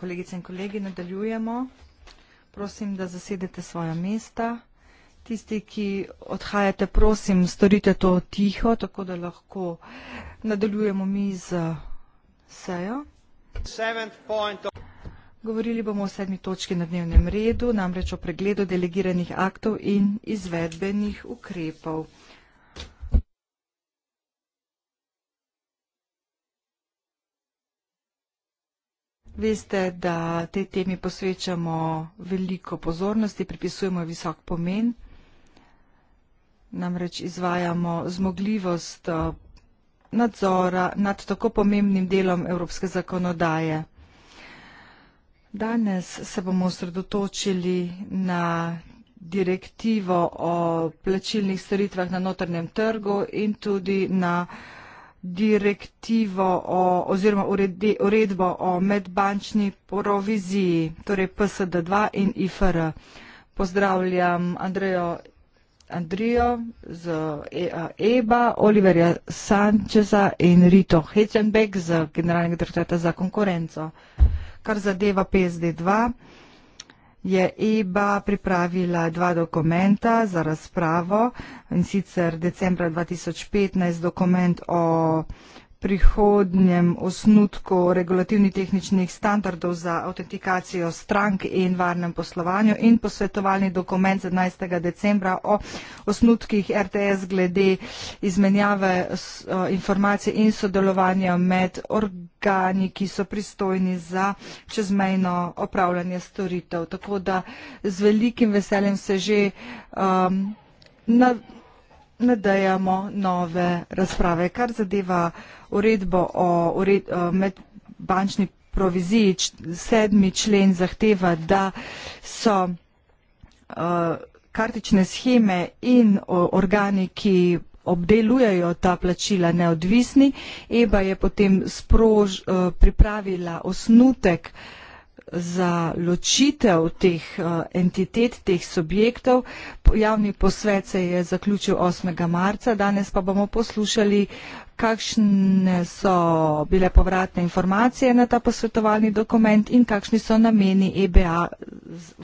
Kolegice in kolegi, nadaljujemo. Prosim, da zasedete svoja mesta. Tisti, ki odhajate, prosim, storite to tiho, tako da lahko nadaljujemo mi z uh, sejo. Govorili bomo o sedmi točki na dnevnem redu, namreč o pregledu delegiranih aktov in izvedbenih ukrepov. Veste, da tej temi posvečamo veliko pozornosti, pripisujemo visok pomen. Namreč izvajamo zmogljivost eh, nadzora nad tako pomembnim delom evropske zakonodaje. Danes se bomo osredotočili na direktivo o plačilnih storitvah na notrnem trgu in tudi na direktivo o, oziroma uredi, uredbo o medbančni proviziji, torej PSD2 in IFR. Pozdravljam Andrejo Andrijo z EBA, e Oliverja Sančeza in Rito Hečenbeg z generalnega direktorata za konkurenco. Kar zadeva PSD2, je EBA pripravila dva dokumenta za razpravo in sicer decembra 2015 dokument o prihodnjem osnutku regulativnih tehničnih standardov za autentikacijo strank in varnem poslovanju in posvetovalni dokument 11. decembra o osnutkih RTS glede izmenjave informacij in sodelovanja med organi, ki so pristojni za čezmejno opravljanje storitev. Tako da z velikim veseljem se že um, nadejamo nove razprave. Kar zadeva uredbo o ured, medbančni proviziji, sedmi člen zahteva, da so eh, kartične scheme in organi, ki obdelujejo ta plačila neodvisni. EBA je potem sprož, eh, pripravila osnutek uh, za ločitev teh eh, entitet, teh subjektov. Javni posvet se je zaključil 8. marca, danes pa bomo poslušali, kakšne so bile povratne informacije na ta posvetovalni dokument in kakšni so nameni EBA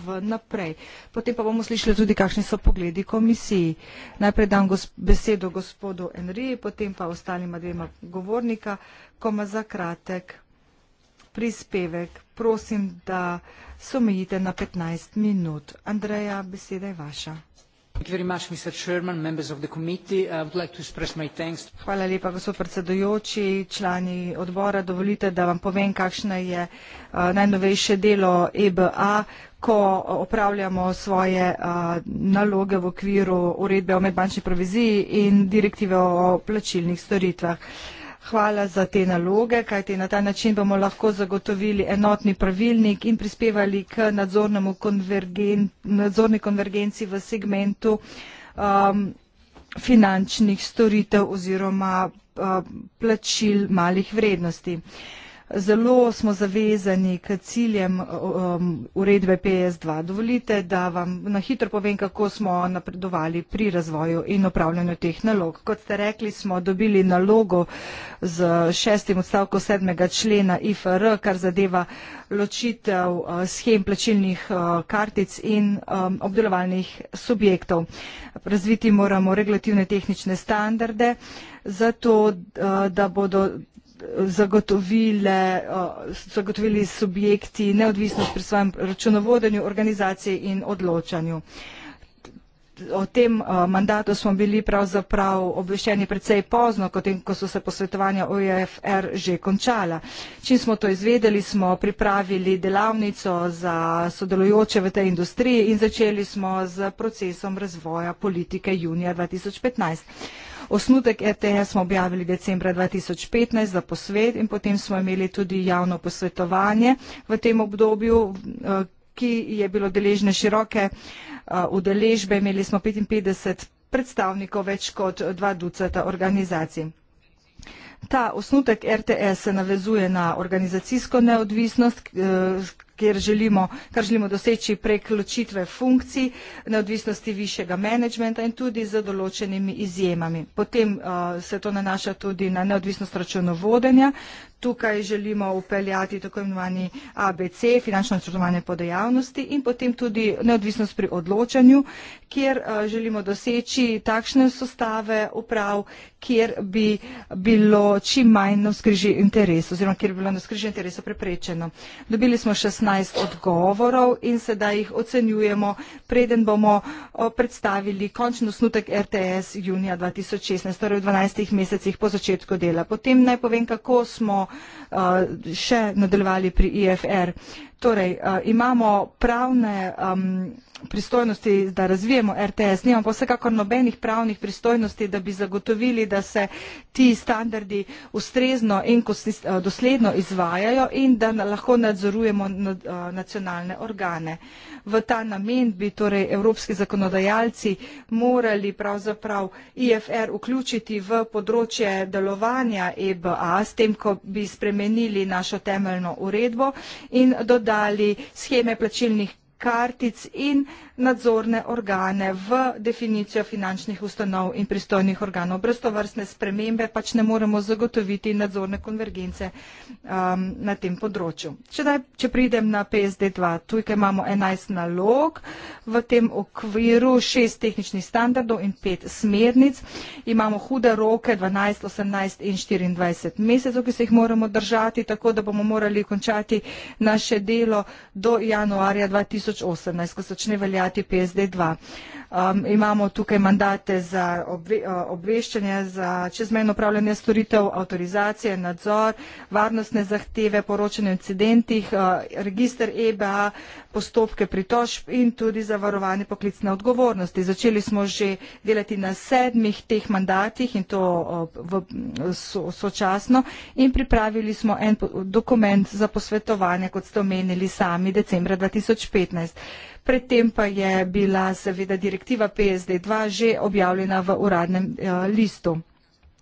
v naprej. Potem pa bomo slišali tudi, kakšni so pogledi komisiji. Najprej dam gosp besedo gospodu Enriji, potem pa ostalima dvema govornika, koma za kratek prispevek, prosim, da se omejite na 15 minut. Andreja, beseda je vaša. Hvala lepa, gospod predsedujoči, člani odbora. Dovolite, da vam povem, kakšno je eh, najnovejše delo EBA, ko opravljamo svoje eh, naloge v okviru uredbe o medbančni proviziji in direktive o plačilnih storitvah hvala za te naloge, kajti na ta način bomo lahko zagotovili enotni pravilnik in prispevali k konvergen nadzorni konvergenci v segmentu um, finančnih storitev oziroma uh, plačil malih vrednosti. Uh, Zelo smo zavezani k ciljem um, uredbe PS2. Dovolite, da vam na hitro povem, kako smo napredovali pri razvoju in upravljanju teh nalog. Kot ste rekli, smo dobili nalogo z šestim odstavkom sedmega člena IFR, kar zadeva ločitev uh, schem plačilnih uh, kartic in um, obdelovalnih subjektov. Razviti moramo regulativne tehnične standarde, zato uh, da bodo zagotovile, zagotovili subjekti neodvisnost pri svojem računovodenju, organizaciji in odločanju. O tem mandatu smo bili pravzaprav obveščeni precej pozno, kot in ko so se posvetovanja OEFR že končala. Čim smo to izvedeli, smo pripravili delavnico za sodelujoče v tej industriji in začeli smo z procesom razvoja politike junija 2015. Osnutek RTH smo objavili decembra 2015 za posvet in potem smo imeli tudi javno posvetovanje v tem obdobju, eh, ki je bilo deležne široke eh, udeležbe. Imeli smo 55 predstavnikov več kot dva ducata organizacij. Ta osnutek RTS se navezuje na organizacijsko neodvisnost, eh, kjer želimo, kar želimo doseči prek ločitve funkcij, neodvisnosti višjega menedžmenta in tudi z določenimi izjemami. Potem uh, se to nanaša tudi na neodvisnost računovodenja, tukaj želimo upeljati tako imenovani ABC, finančno načrtovanje po dejavnosti in potem tudi neodvisnost pri odločanju, kjer eh, želimo doseči takšne sostave uprav, kjer bi bilo čim manj na skriži interesu oziroma kjer bi bilo na skriži interesu preprečeno. Dobili smo 16 odgovorov in sedaj jih ocenjujemo, preden bomo predstavili končno snutek RTS junija 2016, torej v 12 mesecih po začetku dela. Potem naj povem, kako smo Uh, še nadaljevali pri IFR. E Torej, uh, imamo pravne um, pristojnosti, da razvijemo RTS, nimamo pa vsekakor nobenih pravnih pristojnosti, da bi zagotovili, da se ti standardi ustrezno in eh, dosledno izvajajo in da lahko nadzorujemo eh, nacionalne organe. V ta namen bi torej evropski zakonodajalci morali pravzaprav IFR vključiti v področje delovanja EBA s tem, ko bi spremenili našo temeljno uredbo in dodali dali, scheme plačilnih kartic in nadzorne organe v definicijo finančnih ustanov in pristojnih organov. Brez to vrstne spremembe pač ne moremo zagotoviti nadzorne konvergence um, na tem področju. Če, daj, če pridem na PSD2, tukaj imamo 11 nalog, v tem okviru 6 tehničnih standardov in 5 smernic. Imamo hude roke 12, 18 in 24 mesecev, ki se jih moramo držati, tako da bomo morali končati naše delo do januarja 2020. 2018, ko začne veljati PSD 2. Um, imamo tukaj mandate za obve, uh, obveščanje, za čezmejno upravljanje storitev, avtorizacije, nadzor, varnostne zahteve, poročanje o incidentih, uh, register EBA, postopke pritožb in tudi zavarovanje poklicne odgovornosti. Začeli smo že delati na sedmih teh mandatih in to uh, v, so, sočasno in pripravili smo en dokument za posvetovanje, kot ste omenili sami, decembra 2015 predtem pa je bila seveda direktiva PSD2 že objavljena v uradnem eh, listu.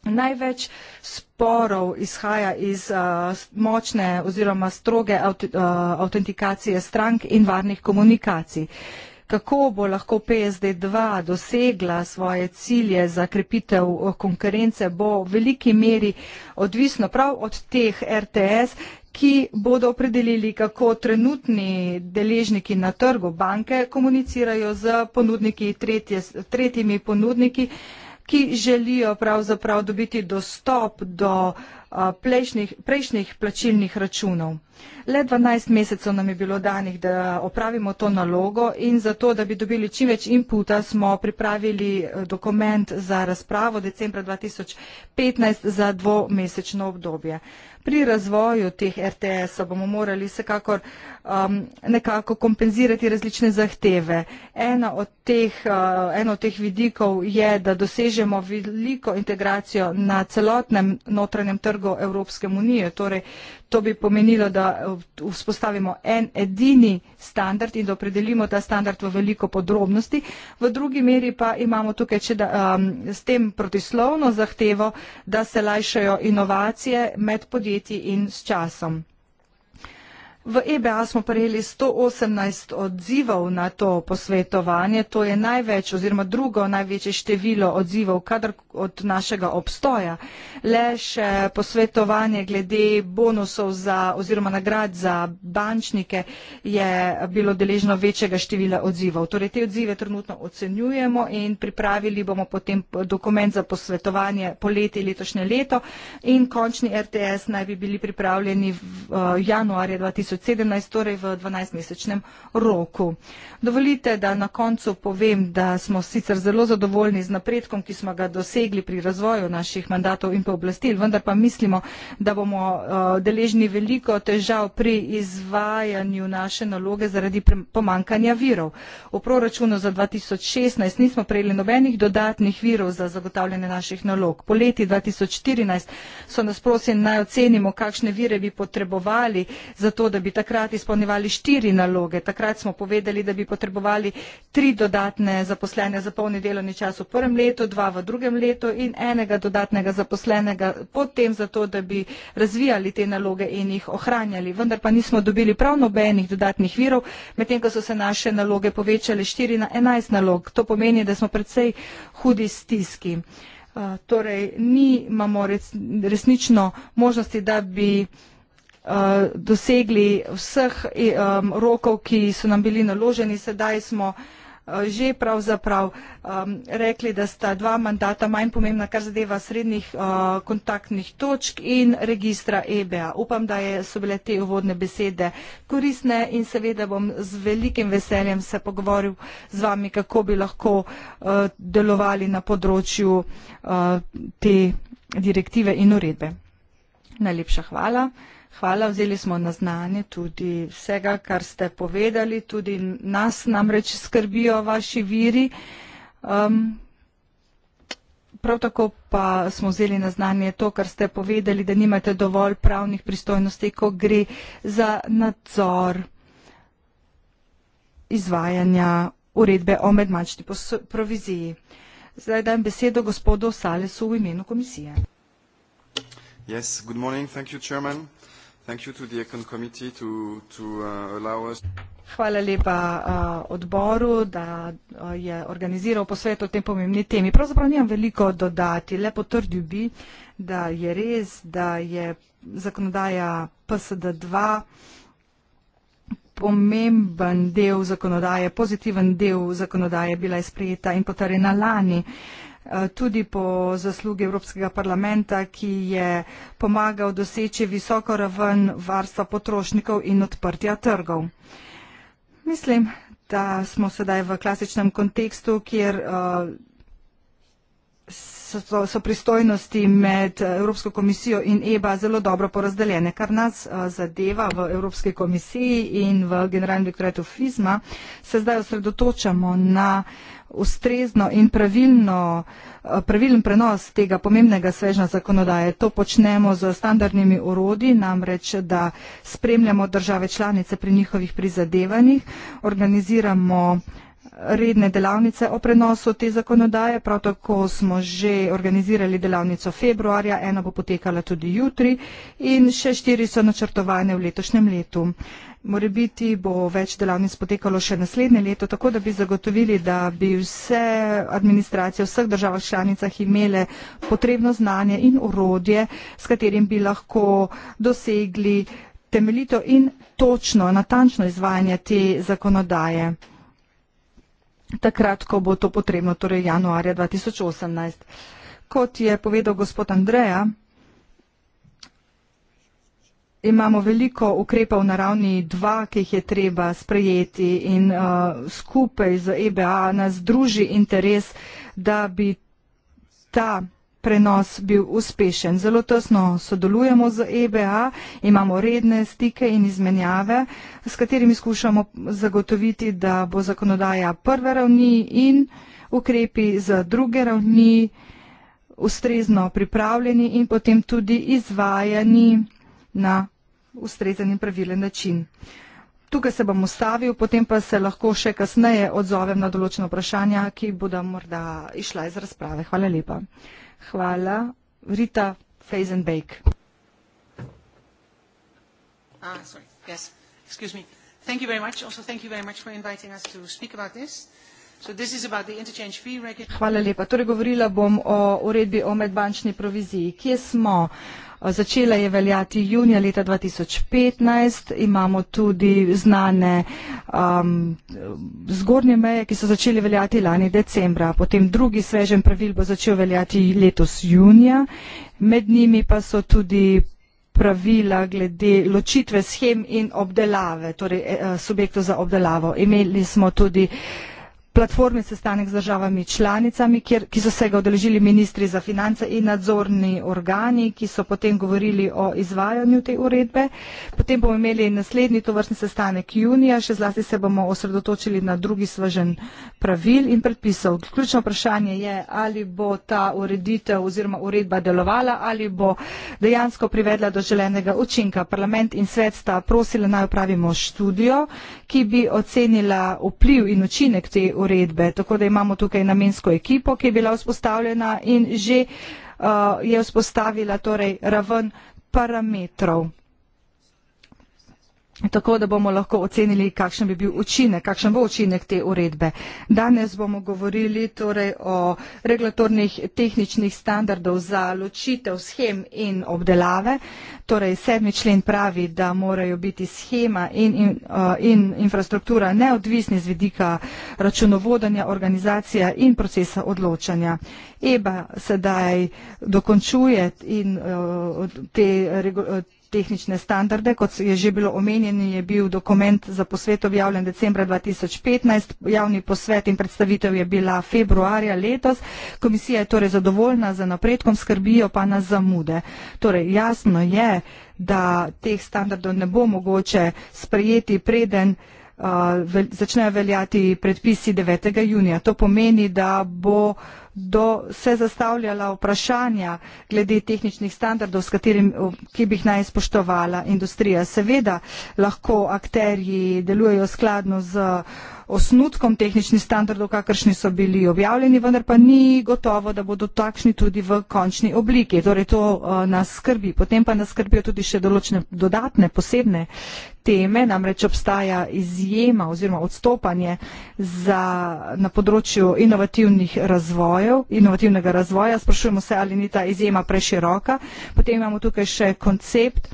Največ sporov izhaja iz uh, močne oziroma stroge avt, uh, eh, autentikacije strank in varnih komunikacij kako bo lahko PSD2 dosegla svoje cilje za krepitev eh, konkurence, bo v veliki meri odvisno prav od teh RTS, ki bodo opredelili, kako trenutni deležniki na trgu banke komunicirajo z ponudniki, tretje, tretjimi ponudniki, ki želijo pravzaprav dobiti dostop do uh, plejšnih, prejšnjih plačilnih računov. Le 12 mesecev nam je bilo danih, da opravimo to nalogo in zato, da bi dobili čim več inputa, smo pripravili e, dokument za razpravo decembra 2015 za dvomesečno obdobje pri razvoju teh RTS-a bomo morali vsekakor um, nekako kompenzirati različne zahteve. Eno od, teh, uh, eno od teh vidikov je, da dosežemo veliko integracijo na celotnem notranjem trgu Evropske unije. Torej, to bi pomenilo, da eh, vzpostavimo en edini standard in da opredelimo ta standard v veliko podrobnosti. V drugi meri pa imamo tukaj če, da, um, s tem protislovno zahtevo, da se lajšajo inovacije med podjetji in s časom. V EBA smo prejeli 118 odzivov na to posvetovanje. To je največ oziroma drugo največje število odzivov kadar od našega obstoja. Le še posvetovanje glede bonusov za, oziroma nagrad za bančnike je bilo deležno večjega števila odzivov. Torej, te odzive trenutno ocenjujemo in pripravili bomo potem dokument za posvetovanje poleti letošnje leto in končni RTS naj bi bili pripravljeni v eh, januarju 2020. 2017, torej v 12-mesečnem roku. Dovolite, da na koncu povem, da smo sicer zelo zadovoljni z napredkom, ki smo ga dosegli pri razvoju naših mandatov in pooblastil, vendar pa mislimo, da bomo eh, deležni veliko težav pri izvajanju naše naloge zaradi pomankanja virov. V proračunu za 2016 nismo prejeli nobenih dodatnih virov za zagotavljanje naših nalog. Po leti 2014 so nas prosili naj ocenimo, kakšne vire bi potrebovali za to, da bi takrat izpolnjevali štiri naloge. Takrat smo povedali, da bi potrebovali tri dodatne zaposlene za polni delovni čas v prvem letu, dva v drugem letu in enega dodatnega zaposlenega potem za to, da bi razvijali te naloge in jih ohranjali. Vendar pa nismo dobili prav nobenih dodatnih virov, medtem ko so se naše naloge povečale štiri na enajst nalog. To pomeni, da smo predvsej hudi stiski. Uh, torej, nimamo res, resnično možnosti, da bi uh, Eh, dosegli vseh um, rokov, ki so nam bili naloženi. Sedaj smo eh, že pravzaprav um, rekli, da sta dva mandata manj pomembna, kar zadeva srednjih uh, kontaktnih točk in registra EBA. Upam, da je, so bile te uvodne besede koristne in seveda bom z velikim veseljem se pogovoril z vami, kako bi lahko uh, delovali na področju uh, te direktive in uredbe. Najlepša hvala. Hvala, vzeli smo na znanje tudi vsega, kar ste povedali, tudi nas namreč skrbijo vaši viri. Um, prav tako pa smo vzeli na znanje to, kar ste povedali, da nimate dovolj pravnih pristojnosti, ko gre za nadzor izvajanja uredbe o medmačni proviziji. Zdaj dajem besedo gospodu Salesu v imenu komisije. Yes, good morning, thank you, chairman. Uh, Hvala lepa uh, odboru, da uh, je organiziral posvet o tem pomembni temi. Pravzaprav nimam veliko dodati, le potrdil bi, da je res, da je zakonodaja PSD-2 pomemben del zakonodaje, pozitiven del zakonodaje bila je sprejeta in potrjena lani. Uh, Eh, tudi po zaslugi Evropskega parlamenta, ki je pomagal doseči visoko raven varstva potrošnikov in odprtja trgov. Mislim, da smo sedaj v klasičnem kontekstu, kjer eh, so, so pristojnosti med Evropsko komisijo in EBA zelo dobro porazdeljene, kar nas eh, zadeva v Evropski komisiji in v generalnem direktoratu FISMA, se zdaj osredotočamo na ustrezno in pravilno, eh, pravilen prenos tega pomembnega svežna zakonodaje. To počnemo z standardnimi urodi, namreč, da spremljamo države članice pri njihovih prizadevanjih, organiziramo redne delavnice o prenosu te zakonodaje. Prav tako smo že organizirali delavnico februarja, ena bo potekala tudi jutri in še štiri so načrtovane v letošnjem letu. Mora biti bo več delavnic potekalo še naslednje leto, tako da bi zagotovili, da bi vse administracije v vseh državah članicah imele potrebno znanje in urodje, s katerim bi lahko dosegli temeljito in točno, natančno izvajanje te zakonodaje takrat, ko bo to potrebno, torej januarja 2018. Kot je povedal gospod Andreja, imamo veliko ukrepov na ravni 2, ki jih je treba sprejeti in uh, skupaj z EBA nas druži interes, da bi ta prenos bil uspešen. Zelo tesno sodelujemo z EBA, imamo redne stike in izmenjave, s katerimi skušamo zagotoviti, da bo zakonodaja prve ravni in ukrepi za druge ravni ustrezno pripravljeni in potem tudi izvajani na ustrezen in pravilen način. Tukaj se bom ustavil, potem pa se lahko še kasneje odzovem na določeno vprašanje, ki bodo morda išla iz razprave. Hvala lepa. Hvala. Rita Feisenbeck. Ah, sorry. Yes. Excuse me. Thank you very much. Also, thank you very much for inviting us to speak about this. Hvala lepa. Torej govorila bom o uredbi o medbančni proviziji. Kje smo? Uh, Eh, začela je veljati junija leta 2015, imamo tudi znane um, zgornje meje, ki so začeli veljati lani decembra. Potem drugi svežen pravil bo začel veljati letos junija, med njimi pa so tudi pravila glede ločitve schem in obdelave, torej eh, subjektov za obdelavo. Imeli smo tudi uh, platformi sestanek z državami članicami, kjer, ki so se ga odeležili ministri za finance in nadzorni organi, ki so potem govorili o izvajanju te uredbe. Potem bomo imeli naslednji tovrstni sestanek junija, še zlasti se bomo osredotočili na drugi svežen pravil in predpisov. Ključno vprašanje je, ali bo ta ureditev oziroma uredba delovala ali bo dejansko privedla do želenega učinka. Parlament in svet sta prosila naj opravimo študijo, ki bi ocenila vpliv in učinek te uredbe uredbe. Tako da imamo tukaj namensko ekipo, ki je bila vzpostavljena in že uh, je vzpostavila torej, raven parametrov tako da bomo lahko ocenili, kakšen bi bil učinek, kakšen bo učinek te uredbe. Danes bomo govorili torej o regulatornih tehničnih standardov za ločitev schem in obdelave. Torej, sedmi člen pravi, da morajo biti schema in, in, uh, in infrastruktura neodvisni z vidika računovodanja, organizacija in procesa odločanja. EBA sedaj dokončuje in uh, te regulatorne tehnične standarde. Kot je že bilo omenjeno, je bil dokument za posvet objavljen decembra 2015, javni posvet in predstavitev je bila februarja letos. Komisija je torej zadovoljna z napredkom, skrbijo pa na zamude. Torej, jasno je, da teh standardov ne bo mogoče sprejeti preden. Uh, začnejo veljati predpisi 9. junija. To pomeni, da bo uh, do se zastavljala vprašanja glede tehničnih standardov, katerim, ki bi jih naj spoštovala industrija. Seveda lahko akterji delujejo skladno z osnutkom tehničnih standardov, kakršni so bili objavljeni, vendar pa ni gotovo, da bodo takšni tudi v končni obliki. Torej to uh, nas skrbi. Potem pa nas skrbijo tudi še določene dodatne, posebne teme, namreč obstaja izjema oziroma odstopanje za, na področju inovativnih razvojev razvojev, inovativnega razvoja. Sprašujemo se, ali ni ta izjema preširoka. Potem imamo tukaj še koncept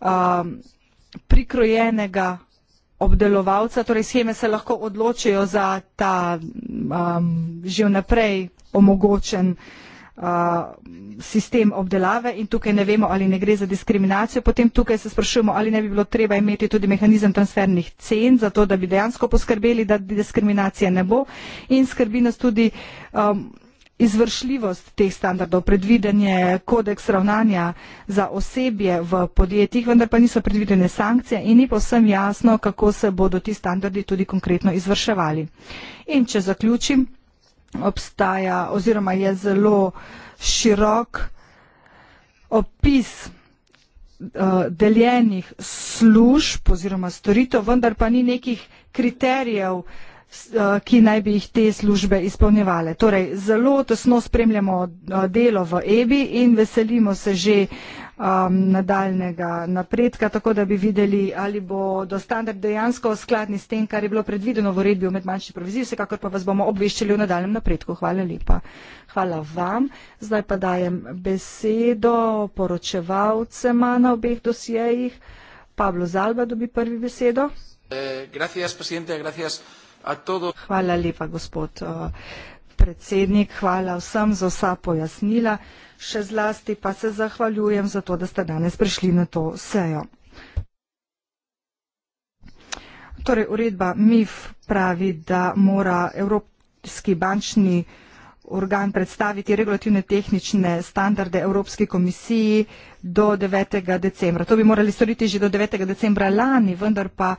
um, prikrojenega obdelovalca, torej scheme se lahko odločijo za ta um, že vnaprej omogočen uh, sistem obdelave in tukaj ne vemo, ali ne gre za diskriminacijo. Potem tukaj se sprašujemo, ali ne bi bilo treba imeti tudi mehanizem transfernih cen, zato da bi dejansko poskrbeli, da diskriminacije ne bo. In skrbi nas tudi um, izvršljivost teh standardov, predvidenje kodeks ravnanja za osebje v podjetjih, vendar pa niso predvidene sankcije in ni povsem jasno, kako se bodo ti standardi tudi konkretno izvrševali. In če zaključim, obstaja oziroma je zelo širok opis eh, deljenih služb oziroma storitev, vendar pa ni nekih kriterijev, Eh, ki naj bi jih te službe izpolnjevale. Torej, zelo tesno spremljamo eh, delo v EBI in veselimo se že um, nadaljnega napredka, tako da bi videli, ali bo do standard dejansko skladni s tem, kar je bilo predvideno v uredbi o medmanjši proviziji, vsekakor pa vas bomo obveščali o nadaljem napredku. Hvala lepa. Hvala vam. Zdaj pa dajem besedo poročevalcema na obeh dosjejih. Pablo Zalba dobi prvi besedo. Eh, gracias, Hvala lepa, gospod eh, predsednik. Hvala vsem za vsa pojasnila. Še zlasti pa se zahvaljujem za to, da ste danes prišli na to sejo. Torej, uredba MIF pravi, da mora Evropski bančni organ predstaviti regulativne tehnične standarde Evropske komisiji do 9. decembra. To bi morali storiti že do 9. decembra lani, vendar pa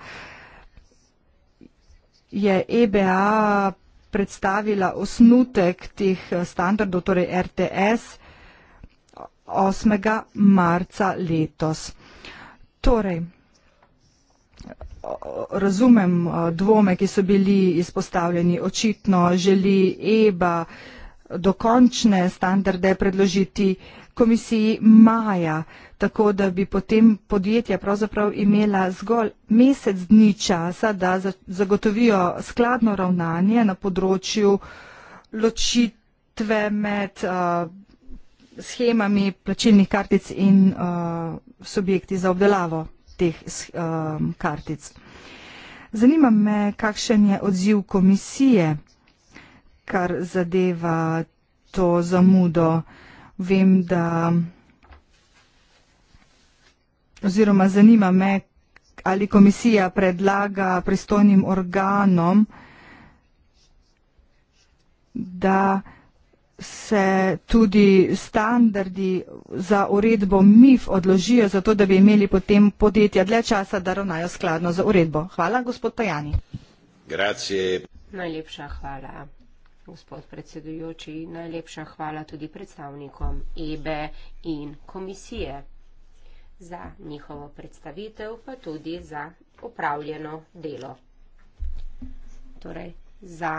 je EBA predstavila osnutek teh eh, standardov, torej RTS, 8. marca letos. Torej, razumem eh, dvome, ki so bili izpostavljeni. Očitno želi EBA dokončne standarde predložiti komisiji maja, tako da bi potem podjetja pravzaprav imela zgolj mesec dni časa, da zagotovijo skladno ravnanje na področju ločitve med uh, schemami plačilnih kartic in uh, subjekti za obdelavo teh uh, kartic. Zanima me, kakšen je odziv komisije, kar zadeva to zamudo. Uh, vem, da oziroma zanima me, ali komisija predlaga pristojnim organom, da se tudi standardi za uredbo MIF odložijo, zato da bi imeli potem podjetja dlje časa, da ravnajo skladno za uredbo. Hvala, gospod Tajani. Grazie. Najlepša hvala. Gospod predsedujoči, najlepša hvala tudi predstavnikom EBE in komisije za njihovo predstavitev, pa tudi za upravljeno delo. Torej, za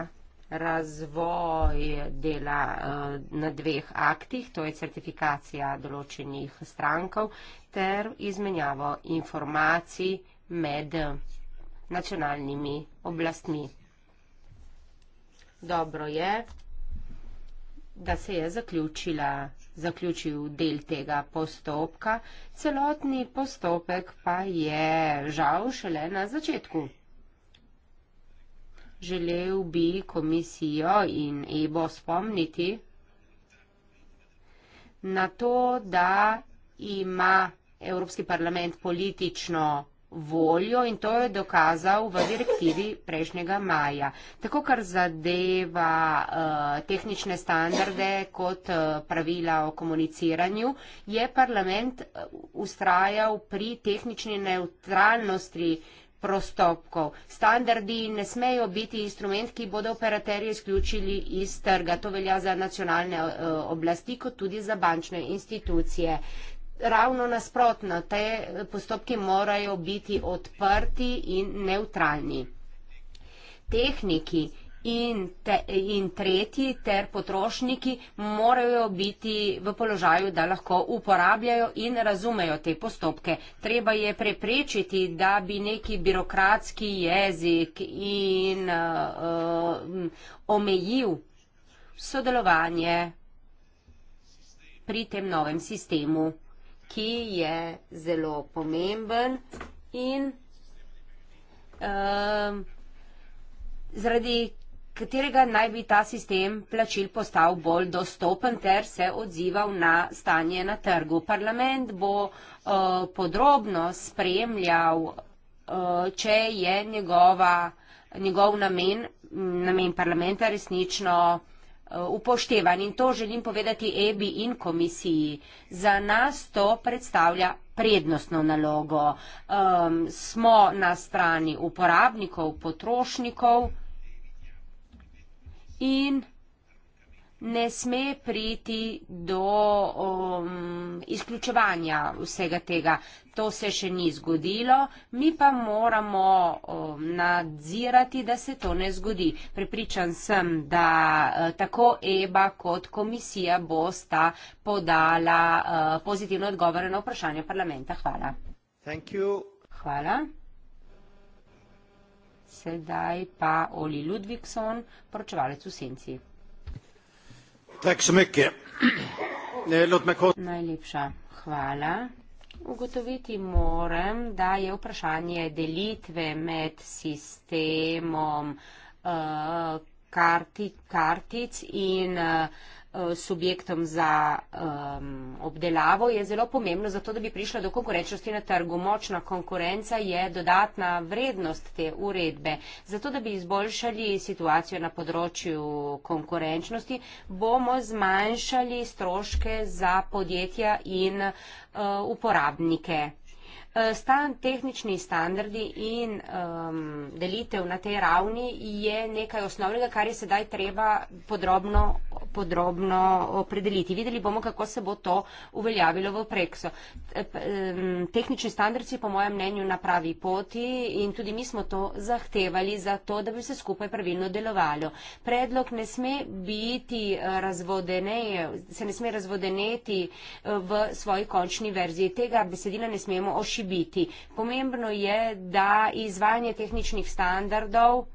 razvoj dela eh, na dveh aktih, to je certifikacija določenih strankov, ter izmenjavo informacij med nacionalnimi oblastmi dobro je, da se je zaključila, zaključil del tega postopka. Celotni postopek pa je žal šele na začetku. Želel bi komisijo in EBO spomniti na to, da ima Evropski parlament politično voljo in to je dokazal v direktivi prejšnjega maja. Tako kar zadeva uh, tehnične standarde kot uh, pravila o komuniciranju, je parlament ustrajal eh, pri tehnični neutralnosti prostopkov. Standardi ne smejo biti instrument, ki bodo operaterje izključili iz trga. To velja za nacionalne uh, oblasti, kot tudi za bančne institucije ravno nasprotno, te postopki morajo biti odprti in neutralni. Tehniki in, te, in tretji ter potrošniki morajo biti v položaju, da lahko uporabljajo in razumejo te postopke. Treba je preprečiti, da bi neki birokratski jezik in uh, um, omejil sodelovanje pri tem novem sistemu ki je zelo pomemben in um, zaradi katerega naj bi ta sistem plačil postal bolj dostopen ter se odzival na stanje na trgu. Parlament bo uh, podrobno spremljal, uh, če je njegova, njegov namen, namen parlamenta resnično uh, Eh, upoštevan in to želim povedati EBI in komisiji. Za nas to predstavlja prednostno nalogo. Um, smo na strani uporabnikov, potrošnikov in ne sme priti do um, izključevanja vsega tega. To se še ni zgodilo, mi pa moramo um, nadzirati, da se to ne zgodi. Pripričan sem, da uh, tako EBA kot komisija bosta podala uh, pozitivno odgovore na vprašanje parlamenta. Hvala. Hvala. Sedaj pa Oli Ludvikson, poročevalec v Senci. Eh, Najlepša hvala. Ugotoviti moram, da je vprašanje delitve med sistemom, eh, karti, kartic in eh, subjektom za um, obdelavo je zelo pomembno, zato da bi prišla do konkurenčnosti na trgu. Močna konkurenca je dodatna vrednost te uredbe. Zato da bi izboljšali situacijo na področju konkurenčnosti, bomo zmanjšali stroške za podjetja in uh, uporabnike. Eh, stan, tehnični standardi in um, delitev na tej ravni je nekaj osnovnega, kar je sedaj treba podrobno, podrobno opredeliti. Videli bomo, kako se bo to uveljavilo v prekso. Eh, tehnični standardi po mojem mnenju na pravi poti in tudi mi smo to zahtevali za to, da bi se skupaj pravilno delovalo. Predlog ne sme biti eh, razvodene, se ne sme razvodeneti v svoji končni verziji. Tega besedila ne smemo ošiti moči biti. Pomembno je, da izvajanje tehničnih standardov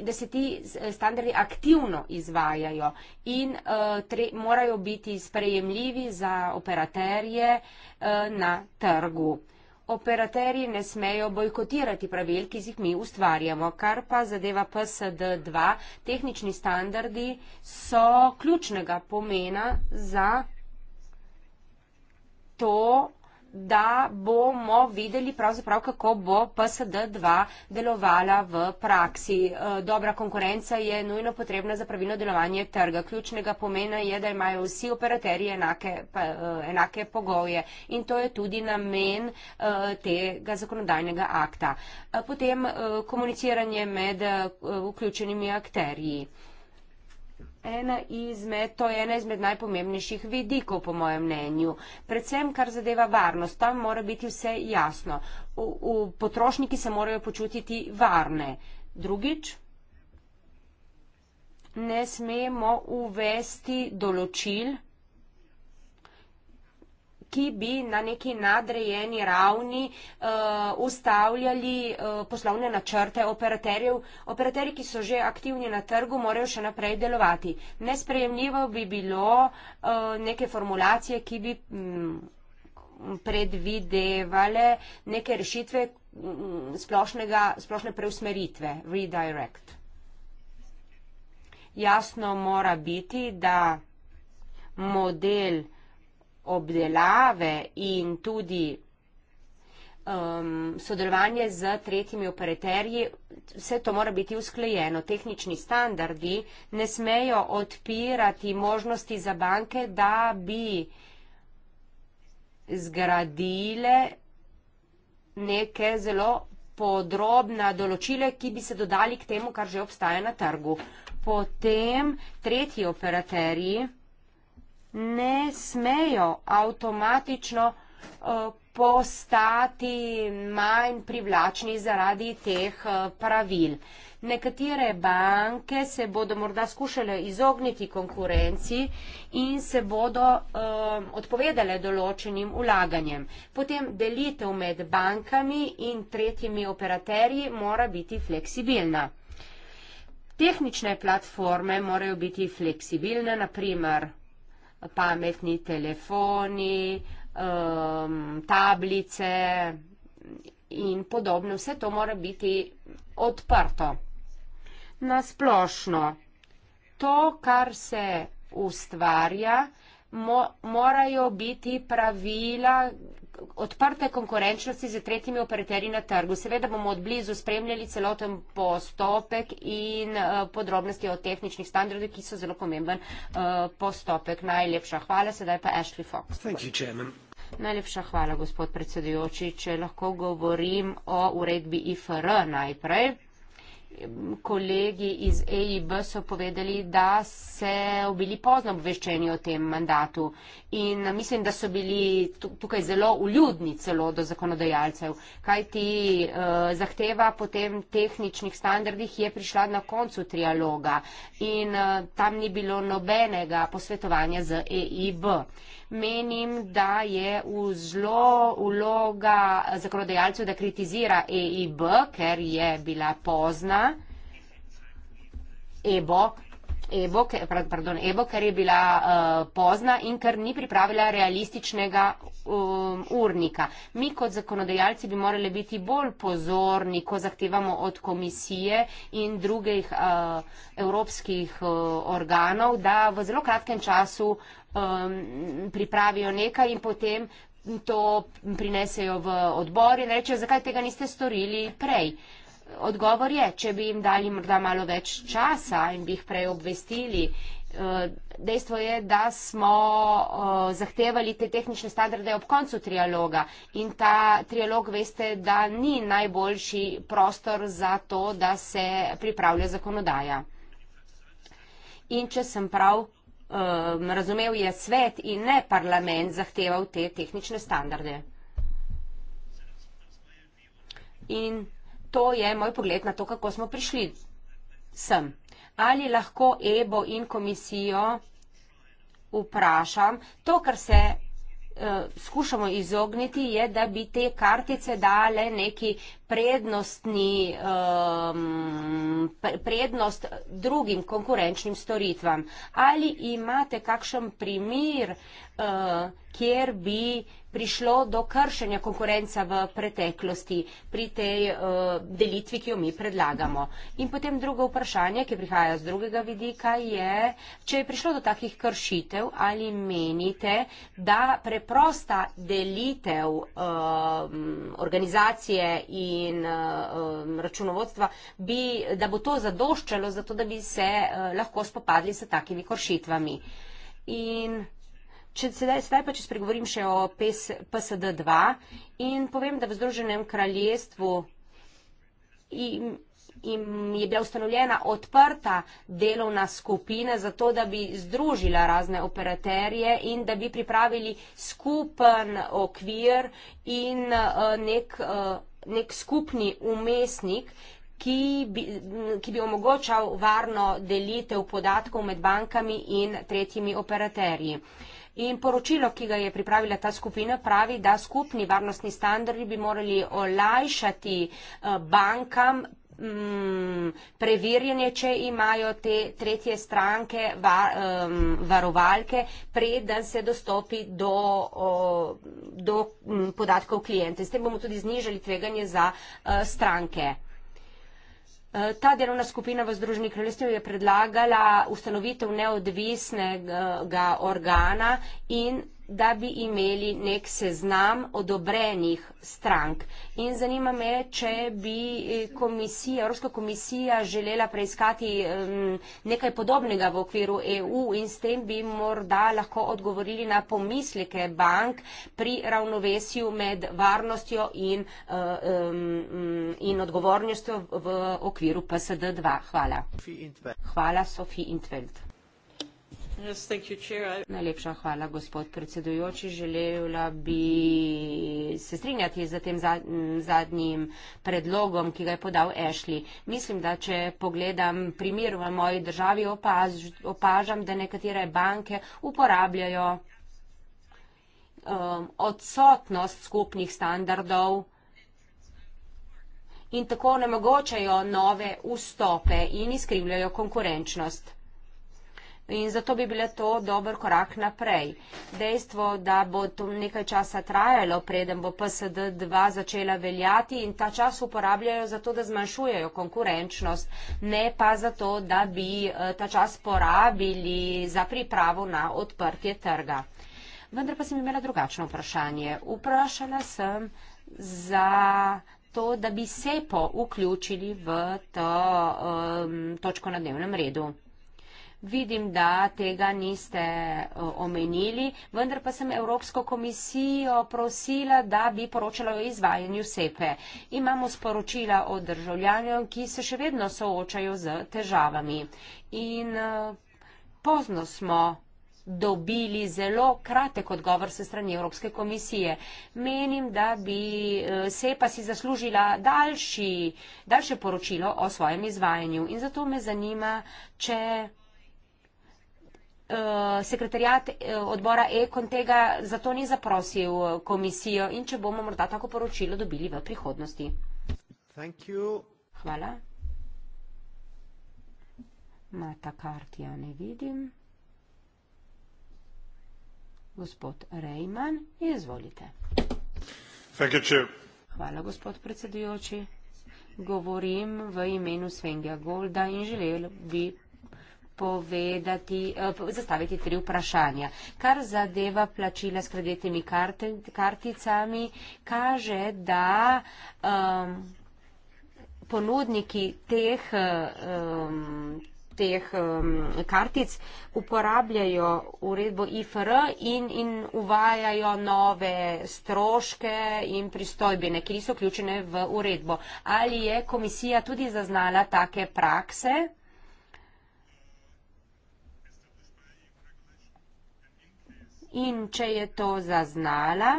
da se ti eh, standardi aktivno izvajajo in uh, tre, morajo biti sprejemljivi za operaterje uh, na trgu. Operaterji ne smejo bojkotirati pravil, ki jih mi ustvarjamo, kar pa zadeva PSD2. Tehnični standardi so ključnega pomena za to, da bomo videli pravzaprav, kako bo PSD-2 delovala v praksi. E, dobra konkurenca je nujno potrebna za pravilno delovanje trga. Ključnega pomena je, da imajo vsi operaterji enake, e, enake pogoje in to je tudi namen e, tega zakonodajnega akta. Potem komuniciranje med vključenimi akterji. Ena izmed, to je ena izmed najpomembnejših vidikov, po mojem mnenju. Predvsem, kar zadeva varnost, tam mora biti vse jasno. V, v potrošniki se morajo počutiti varne. Drugič, ne smemo uvesti določil, ki bi na neki nadrejeni ravni uh, ustavljali uh, poslovne načrte operaterjev. Operaterji, ki so že aktivni na trgu, morajo še naprej delovati. Nesprejemljivo bi bilo uh, neke formulacije, ki bi m, mm, predvidevale neke rešitve mm, splošnega, splošne preusmeritve, redirect. Jasno mora biti, da model obdelave in tudi um, sodelovanje z tretjimi operaterji, vse to mora biti usklejeno. Tehnični standardi ne smejo odpirati možnosti za banke, da bi zgradile neke zelo podrobna določile, ki bi se dodali k temu, kar že obstaja na trgu. Potem tretji operaterji ne smejo avtomatično eh, postati manj privlačni zaradi teh eh, pravil. Nekatere banke se bodo morda skušale izogniti konkurenci in se bodo um, odpovedale določenim ulaganjem. Potem delitev med bankami in tretjimi operaterji mora biti fleksibilna. Tehnične platforme morajo biti fleksibilne, naprimer pametni telefoni, um, tablice in podobno. Vse to mora biti odprto. Nasplošno, to, kar se ustvarja, mo, morajo biti pravila, odprte konkurenčnosti z tretjimi operaterji na trgu. Seveda bomo odblizu spremljali celoten postopek in eh, podrobnosti o tehničnih standardih, ki so zelo pomemben eh, postopek. Najlepša hvala, sedaj pa Ashley Fox. Najlepša hvala, gospod predsedujoči. Če lahko govorim o uredbi IFR najprej kolegi iz EIB so povedali, da so bili pozno obveščeni o tem mandatu in mislim, da so bili tukaj zelo uljudni celo do zakonodajalcev, kaj ti eh, zahteva po tem tehničnih standardih je prišla na koncu trialoga in eh, tam ni bilo nobenega posvetovanja z EIB menim, da je zelo uloga zakonodajalcev, da kritizira EIB, ker je bila pozna EBO. Ebo, pardon, Ebo, ker je bila uh, pozna in ker ni pripravila realističnega um, urnika. Mi kot zakonodajalci bi morali biti bolj pozorni, ko zahtevamo od komisije in drugih uh, evropskih uh, organov, da v zelo kratkem času uh, um, pripravijo nekaj in potem to prinesejo v odbor in rečejo, zakaj tega niste storili prej. Odgovor je, če bi jim dali morda malo več časa in bi jih prej obvestili. Uh, dejstvo je, da smo uh, zahtevali te tehnične standarde ob koncu trialoga in ta trialog, veste, da ni najboljši prostor za to, da se pripravlja zakonodaja. In če sem prav um, ehm, razumev je svet in ne parlament zahteval te tehnične standarde. In to je moj pogled na to, kako smo prišli sem. Ali lahko EBO in komisijo vprašam, to, kar se uh, skušamo izogniti, je, da bi te kartice dale neki prednostni, um, prednost drugim konkurenčnim storitvam. Ali imate kakšen primir, uh, kjer bi prišlo do kršenja konkurenca v preteklosti pri tej uh, delitvi, ki jo mi predlagamo? In potem drugo vprašanje, ki prihaja z drugega vidika, je, če je prišlo do takih kršitev, ali menite, da preprosta delitev um, organizacije in in eh, računovodstva, da bo to zadoščalo, zato da bi se eh, lahko spopadli s takimi kršitvami. In sedaj pa če spregovorim še o PSD2 in povem, da v Združenem kraljestvu in je bila ustanovljena odprta delovna skupina za to, da bi združila razne operaterje in da bi pripravili skupen okvir in eh, nek odprt nek skupni umestnik, ki bi, ki bi omogočal varno delitev podatkov med bankami in tretjimi operaterji. In poročilo, ki ga je pripravila ta skupina, pravi, da skupni varnostni standardi bi morali olajšati eh, bankam mm, preverjanje, če imajo te tretje stranke va, um, varovalke, preden se dostopi do, o, do m, podatkov klijente. S tem bomo tudi znižali tveganje za uh, stranke. E, ta delovna skupina v Združenih kraljestvih je predlagala ustanovitev neodvisnega organa in da bi imeli nek seznam odobrenih strank. In zanima me, če bi eh, komisija, Evropska komisija želela preiskati eh, nekaj podobnega v okviru EU in s tem bi morda lahko odgovorili na pomisleke bank pri ravnovesju med varnostjo in, eh, mm, in odgovornostjo v okviru PSD2. Hvala. Hvala, Sofi Intveld. Najlepša hvala, gospod predsedujoči. Želela bi se strinjati z tem zadnjim predlogom, ki ga je podal Ešli. Mislim, da če pogledam primer v moji državi, opaž, opažam, da nekatere banke uporabljajo um, odsotnost skupnih standardov. In tako onemogočajo nove vstope in izkrivljajo konkurenčnost. In zato bi bilo to dober korak naprej. Dejstvo, da bo to nekaj časa trajalo, preden bo PSD2 začela veljati in ta čas uporabljajo za to, da zmanjšujejo konkurenčnost, ne pa za to, da bi eh, ta čas porabili za pripravo na odprtje trga. Vendar pa sem imela drugačno vprašanje. Vprašala sem za to, da bi SEPO vključili v to um, točko na dnevnem redu. Vidim, da tega niste omenili, vendar pa sem Evropsko komisijo prosila, da bi poročala o izvajanju sepe. Imamo sporočila o državljanjem, ki se še vedno soočajo z težavami. In e, pozno smo dobili zelo kratek odgovor se strani Evropske komisije. Menim, da bi e, SEPA si zaslužila daljši, daljše poročilo o svojem izvajanju. In zato me zanima, če Eh, sekretarjat eh, odbora Ekon tega zato ni zaprosil eh, komisijo in če bomo morda tako poročilo dobili v prihodnosti. Hvala. Mata kart ja ne vidim. Gospod Rejman, izvolite. Hvala, gospod predsedujoči. Govorim v imenu Svenja Golda in želel bi povedati, eh, zastaviti tri vprašanja. Kar zadeva plačila s kreditnimi karticami, kaže, da um, ponudniki teh, um, teh um, kartic uporabljajo uredbo IFR in, in uvajajo nove stroške in pristojbine, ki niso vključene v uredbo. Ali je komisija tudi zaznala take prakse? In če je to zaznala,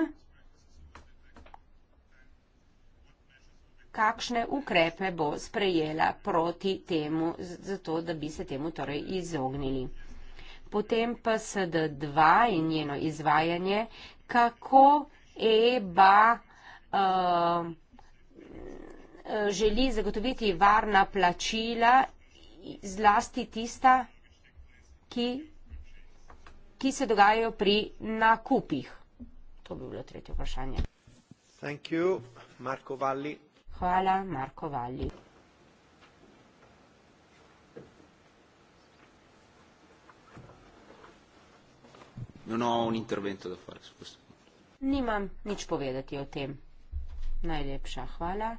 kakšne ukrepe bo sprejela proti temu, zato da bi se temu torej izognili. Potem PSD2 in njeno izvajanje, kako EBA uh, eh, eh, želi zagotoviti varna plačila, zlasti tista, ki ki se dogajajo pri nakupih? To bi bilo tretje vprašanje. Thank you, Marko Valli. Hvala, Marko Valli. Non ho un intervento da fare su questo punto. Nimam nič povedati o tem. Najlepša hvala.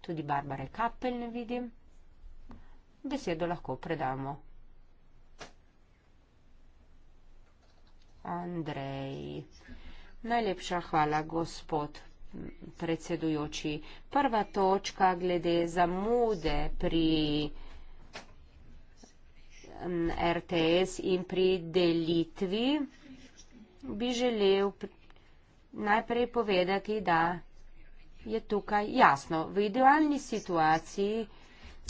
Tudi Barbare Kappel ne vidim. Besedo lahko predamo Andrej. Najlepša hvala, gospod predsedujoči. Prva točka glede zamude pri RTS in pri delitvi bi želel najprej povedati, da je tukaj jasno. V idealni situaciji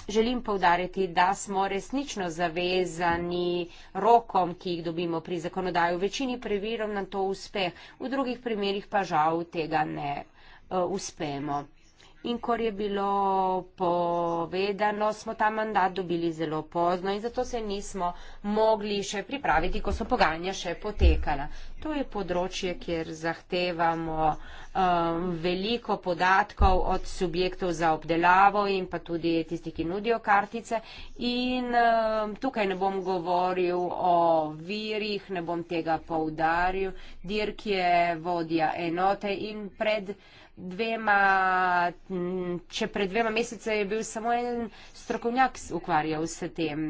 Želim povdariti, da smo resnično zavezani rokom, ki jih dobimo pri zakonodaju. V večini primerov nam to uspe, v drugih primerjih pa žal tega ne eh, uspemo. In kot je bilo povedano, smo ta mandat dobili zelo pozno in zato se nismo mogli še pripraviti, ko so pogajanja še potekala. To je področje, kjer zahtevamo um, veliko podatkov od subjektov za obdelavo in pa tudi tistih, ki nudijo kartice. In um, tukaj ne bom govoril o virih, ne bom tega poudaril. Dirk je vodja enote in pred dvema, če pred dvema meseca je bil samo en strokovnjak ukvarjal se tem.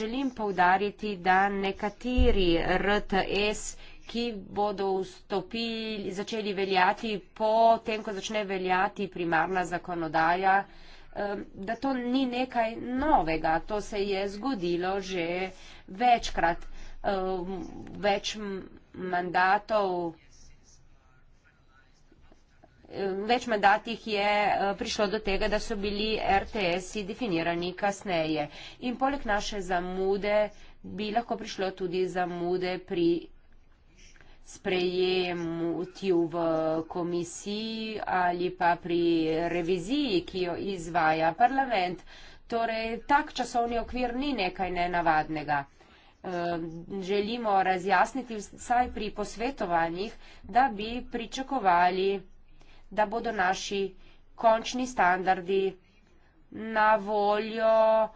Želim povdariti, da nekateri RTS, ki bodo vstopili, začeli veljati po tem, ko začne veljati primarna zakonodaja, da to ni nekaj novega. To se je zgodilo že večkrat, več mandatov več mandatih je eh, prišlo do tega, da so bili RTS-i definirani kasneje. In poleg naše zamude bi lahko prišlo tudi zamude pri sprejemutju v komisiji ali pa pri reviziji, ki jo izvaja parlament. Torej, tak časovni okvir ni nekaj nenavadnega. Eh, želimo razjasniti vsaj pri posvetovanjih, da bi pričakovali da bodo naši končni standardi na voljo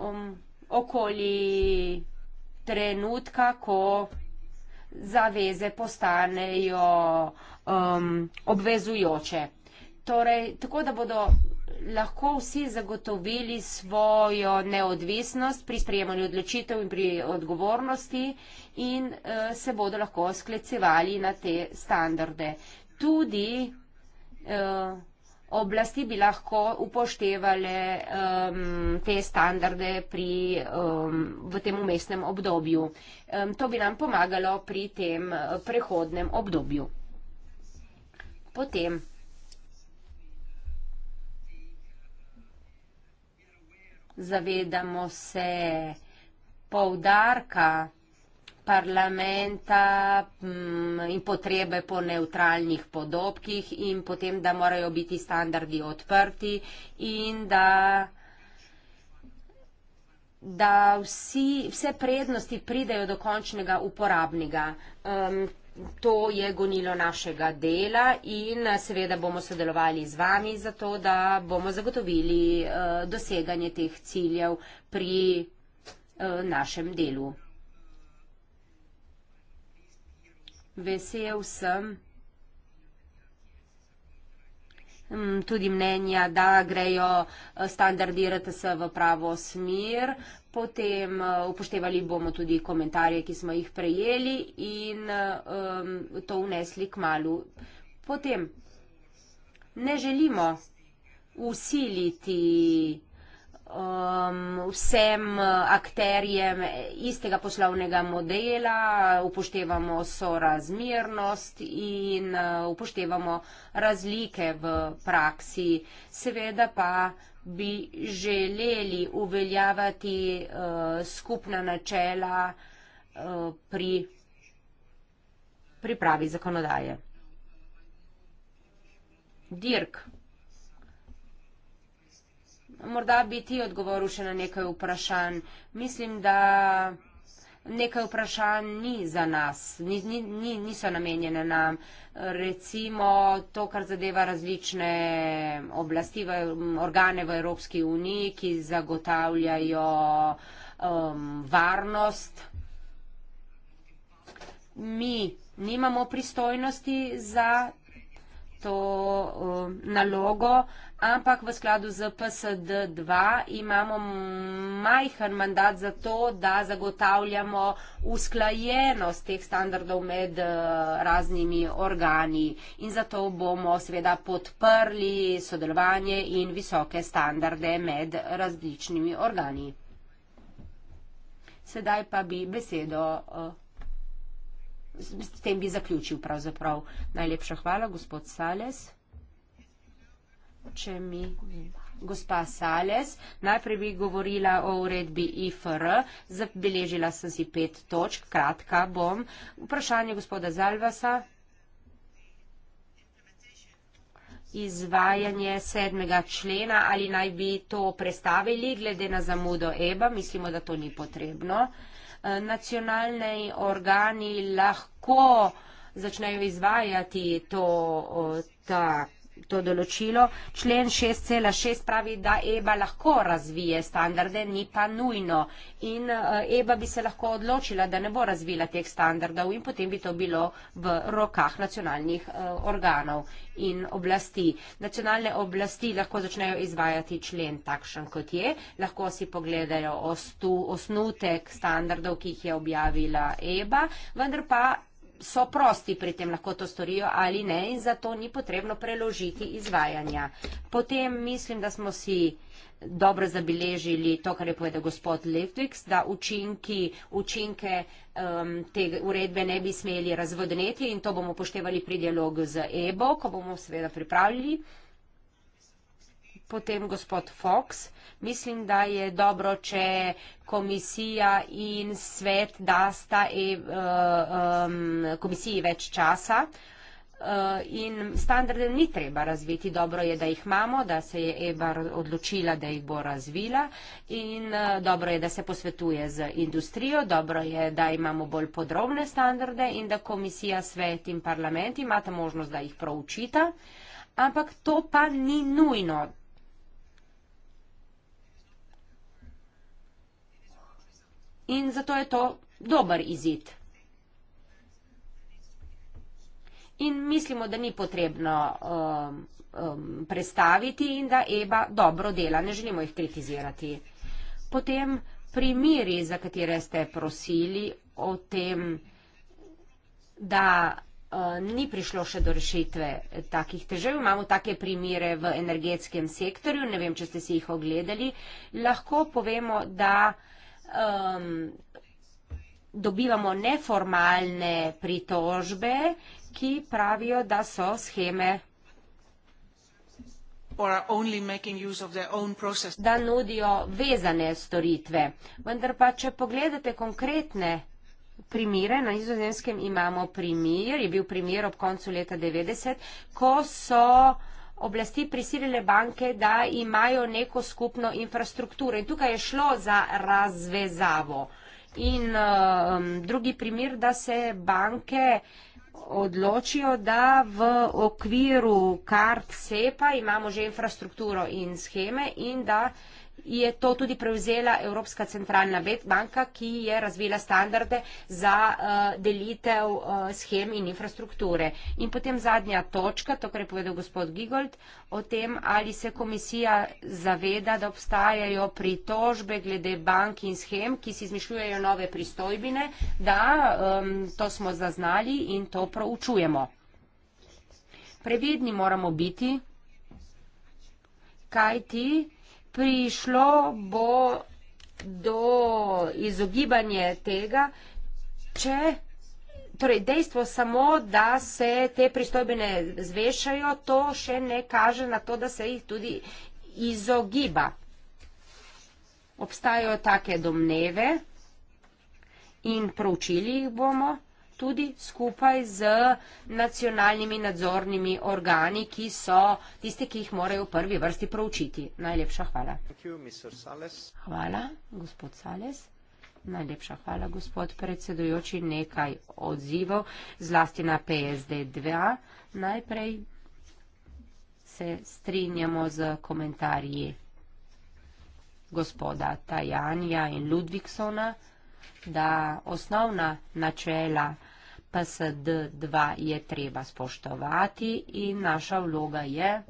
um, okoli trenutka, ko zaveze postanejo um, obvezujoče. Torej, tako da bodo lahko vsi zagotovili svojo neodvisnost pri sprejemanju odločitev in pri odgovornosti in uh, se bodo lahko sklecevali na te standarde. Tudi Eh, oblasti bi lahko upoštevale um, te standarde pri, um, v tem umestnem obdobju. Um, to bi nam pomagalo pri tem eh, prehodnem obdobju. Potem. Zavedamo se poudarka parlamenta mm, in potrebe po neutralnih podobkih in potem, da morajo biti standardi odprti in da, da vsi, vse prednosti pridejo do končnega uporabnika. Um, To je gonilo našega dela in seveda bomo sodelovali z vami za to, da bomo zagotovili eh, doseganje teh ciljev pri eh, našem delu. vesel sem mm, tudi mnenja, da grejo eh, standardi RTS v pravo smer. Potem eh, upoštevali bomo tudi komentarje, ki smo jih prejeli in um, to vnesli k malu. Potem ne želimo usiliti um, vsem uh, akterjem istega poslovnega modela, upoštevamo sorazmernost in uh, upoštevamo razlike v praksi. Seveda pa bi želeli uveljavati uh, skupna načela uh, pri pripravi zakonodaje. Dirk morda bi ti odgovoril še na nekaj vprašanj. Mislim, da nekaj vprašanj ni za nas, ni, ni, niso namenjene nam. Recimo to, kar zadeva različne oblasti, v, organe v Evropski uniji, ki zagotavljajo um, varnost. Mi nimamo pristojnosti za to um, nalogo, ampak v skladu z PSD2 imamo majhen mandat za to, da zagotavljamo usklajenost teh standardov med eh, raznimi organi in zato bomo seveda podprli sodelovanje in visoke standarde med različnimi organi. Sedaj pa bi besedo, eh, s tem bi zaključil pravzaprav. Najlepša hvala, gospod Sales če mi gospa Sales, najprej bi govorila o uredbi IFR, zabeležila sem si pet točk, kratka bom. Vprašanje gospoda Zalvasa. Izvajanje sedmega člena, ali naj bi to predstavili, glede na zamudo EBA, mislimo, da to ni potrebno. E, nacionalni organi lahko začnejo izvajati to tak to določilo. Člen 6.6 pravi, da EBA lahko razvije standarde, ni pa nujno. In eh, EBA bi se lahko odločila, da ne bo razvila teh standardov in potem bi to bilo v rokah nacionalnih eh, organov in oblasti. Nacionalne oblasti lahko začnejo izvajati člen takšen, kot je. Lahko si pogledajo osnutek standardov, ki jih je objavila EBA, vendar pa so prosti pri tem, lahko to storijo ali ne in zato ni potrebno preložiti izvajanja. Potem mislim, da smo si dobro zabeležili to, kar je povedal gospod Leftwigs, da učinki, učinke um, te uredbe ne bi smeli razvodneti in to bomo upoštevali pri dialogu z EBO, ko bomo seveda pripravili Potem gospod Fox, mislim, da je dobro, če komisija in svet dasta e, um, komisiji več časa. E, in standarde ni treba razviti, dobro je, da jih imamo, da se je EBAR odločila, da jih bo razvila in e, dobro je, da se posvetuje z industrijo, dobro je, da imamo bolj podrobne standarde in da komisija, svet in parlament imata možnost, da jih proučita, ampak to pa ni nujno. in zato je to dober izid. In mislimo, da ni potrebno um, um, prestaviti in da EBA dobro dela, ne želimo jih kritizirati. Potem primiri, za katere ste prosili o tem, da uh, ni prišlo še do rešitve takih težav. Imamo take primire v energetskem sektorju, ne vem, če ste si jih ogledali. Lahko povemo, da uh, um, dobivamo neformalne pritožbe, ki pravijo, da so scheme da nudijo vezane storitve. Vendar pa, če pogledate konkretne primire, na nizozemskem imamo primir, je bil primir ob koncu leta 90, ko so oblasti prisilile banke, da imajo neko skupno infrastrukturo. In tukaj je šlo za razvezavo. In um, drugi primer, da se banke odločijo, da v okviru kart SEPA imamo že infrastrukturo in scheme in da uh, je to tudi prevzela Evropska centralna banka, ki je razvila standarde za eh, delitev eh, schem in infrastrukture. In potem zadnja točka, to, kar je povedal gospod Gigold, o tem, ali se komisija zaveda, da obstajajo pritožbe glede bank in schem, ki si izmišljujejo nove pristojbine, da um, to smo zaznali in to proučujemo. Previdni moramo biti, kaj ti prišlo bo do izogibanja tega, če torej dejstvo samo, da se te pristojbine zvešajo, to še ne kaže na to, da se jih tudi izogiba. Obstajajo take domneve in proučili jih bomo tudi skupaj z nacionalnimi nadzornimi organi, ki so tiste, ki jih morajo v prvi vrsti proučiti. Najlepša hvala. You, hvala, gospod Sales. Najlepša hvala, gospod predsedujoči. Nekaj odzivov, zlasti na PSD 2. Najprej se strinjamo z komentarji gospoda Tajanja in Ludviksona, da osnovna načela PSD2 je treba spoštovati in naša vloga je,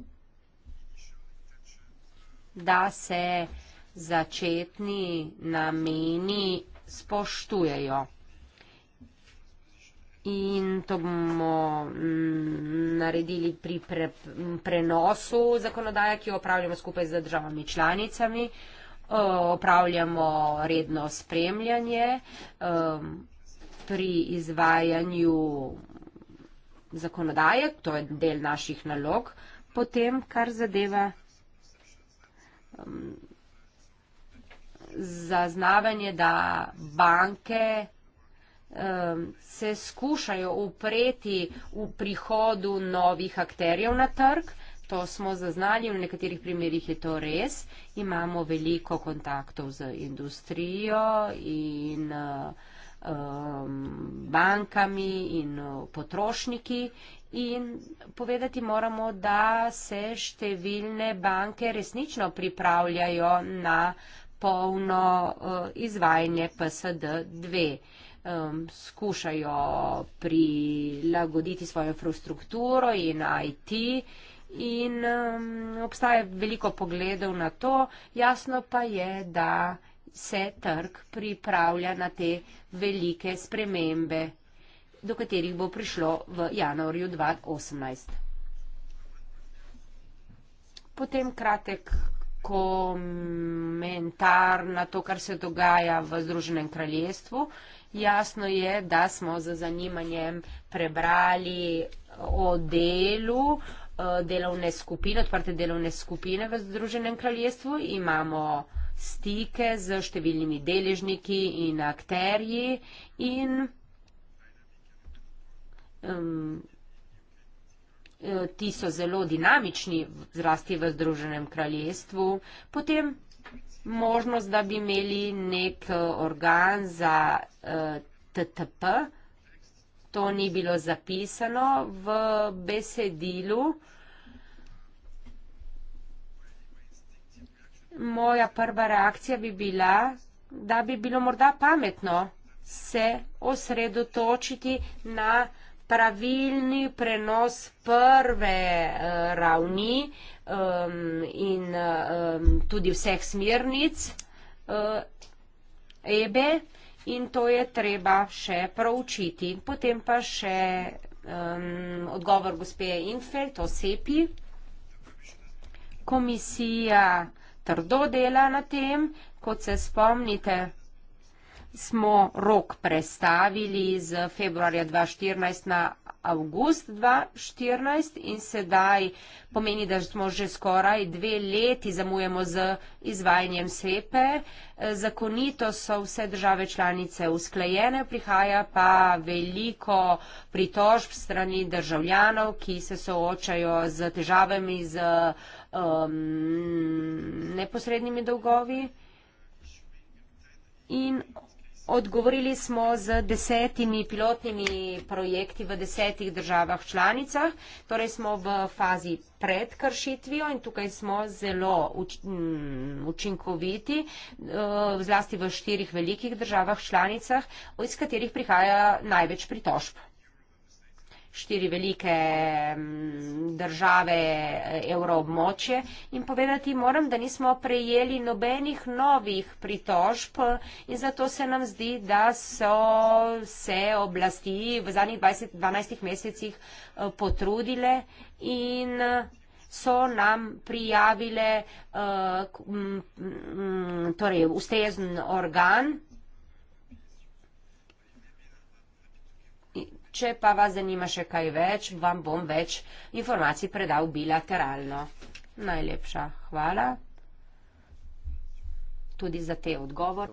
da se začetni nameni spoštujejo. In to bomo mm, naredili pri pre, prenosu zakonodaje, ki jo opravljamo skupaj z državami članicami. Opravljamo redno spremljanje, ehm, pri izvajanju zakonodaje, to je del naših nalog, potem, kar zadeva um, zaznavanje, da banke um, se skušajo upreti v prihodu novih akterjev na trg. To smo zaznali, v nekaterih primerjih je to res. Imamo veliko kontaktov z industrijo in uh, Um, bankami in uh, potrošniki. In povedati moramo, da se številne banke resnično pripravljajo na polno uh, izvajanje PSD 2. Um, skušajo prilagoditi svojo infrastrukturo in IT in um, obstaja veliko pogledov na to. Jasno pa je, da se trg pripravlja na te velike spremembe, do katerih bo prišlo v januarju 2018. Potem kratek komentar na to, kar se dogaja v Združenem kraljestvu. Jasno je, da smo za zanimanjem prebrali o delu eh, delovne skupine, odprte delovne skupine v Združenem kraljestvu. Imamo uh, stike z številnimi deležniki in akterji in um, ti so zelo dinamični, zrasti v Združenem kraljestvu. Potem možnost, da bi imeli nek organ za uh, TTP, to ni bilo zapisano v besedilu. Uh, moja prva reakcija bi bila, da bi bilo morda pametno se osredotočiti na pravilni prenos prve uh, ravni um, in um, tudi vseh smernic uh, eh, EBE in to je treba še proučiti. Potem pa še um, odgovor gospe Infeld o SEPI. Komisija trdo dela na tem, kot se spomnite. Smo rok prestavili z februarja 2014 na avgust 2014 in sedaj pomeni, da smo že skoraj dve leti zamujemo z izvajanjem sepe. Zakonito so vse države članice usklajene, prihaja pa veliko pritožb strani državljanov, ki se soočajo z težavami, z um, neposrednimi dolgovi in odgovorili smo z desetimi pilotnimi projekti v desetih državah članicah, torej smo v fazi pred kršitvijo in tukaj smo zelo uč mm, učinkoviti, uh, zlasti v štirih velikih državah članicah, iz katerih prihaja največ pritožb štiri velike mm, države eh, evroobmočje in povedati moram, da nismo prejeli nobenih novih pritožb in zato se nam zdi, da so se oblasti v zadnjih 12 mesecih eh, potrudile in eh, so nam prijavile uh, torej ustrezen organ, Če pa vas zanima še kaj več, vam bom več informacij predal bilateralno. Najlepša hvala tudi za te odgovor.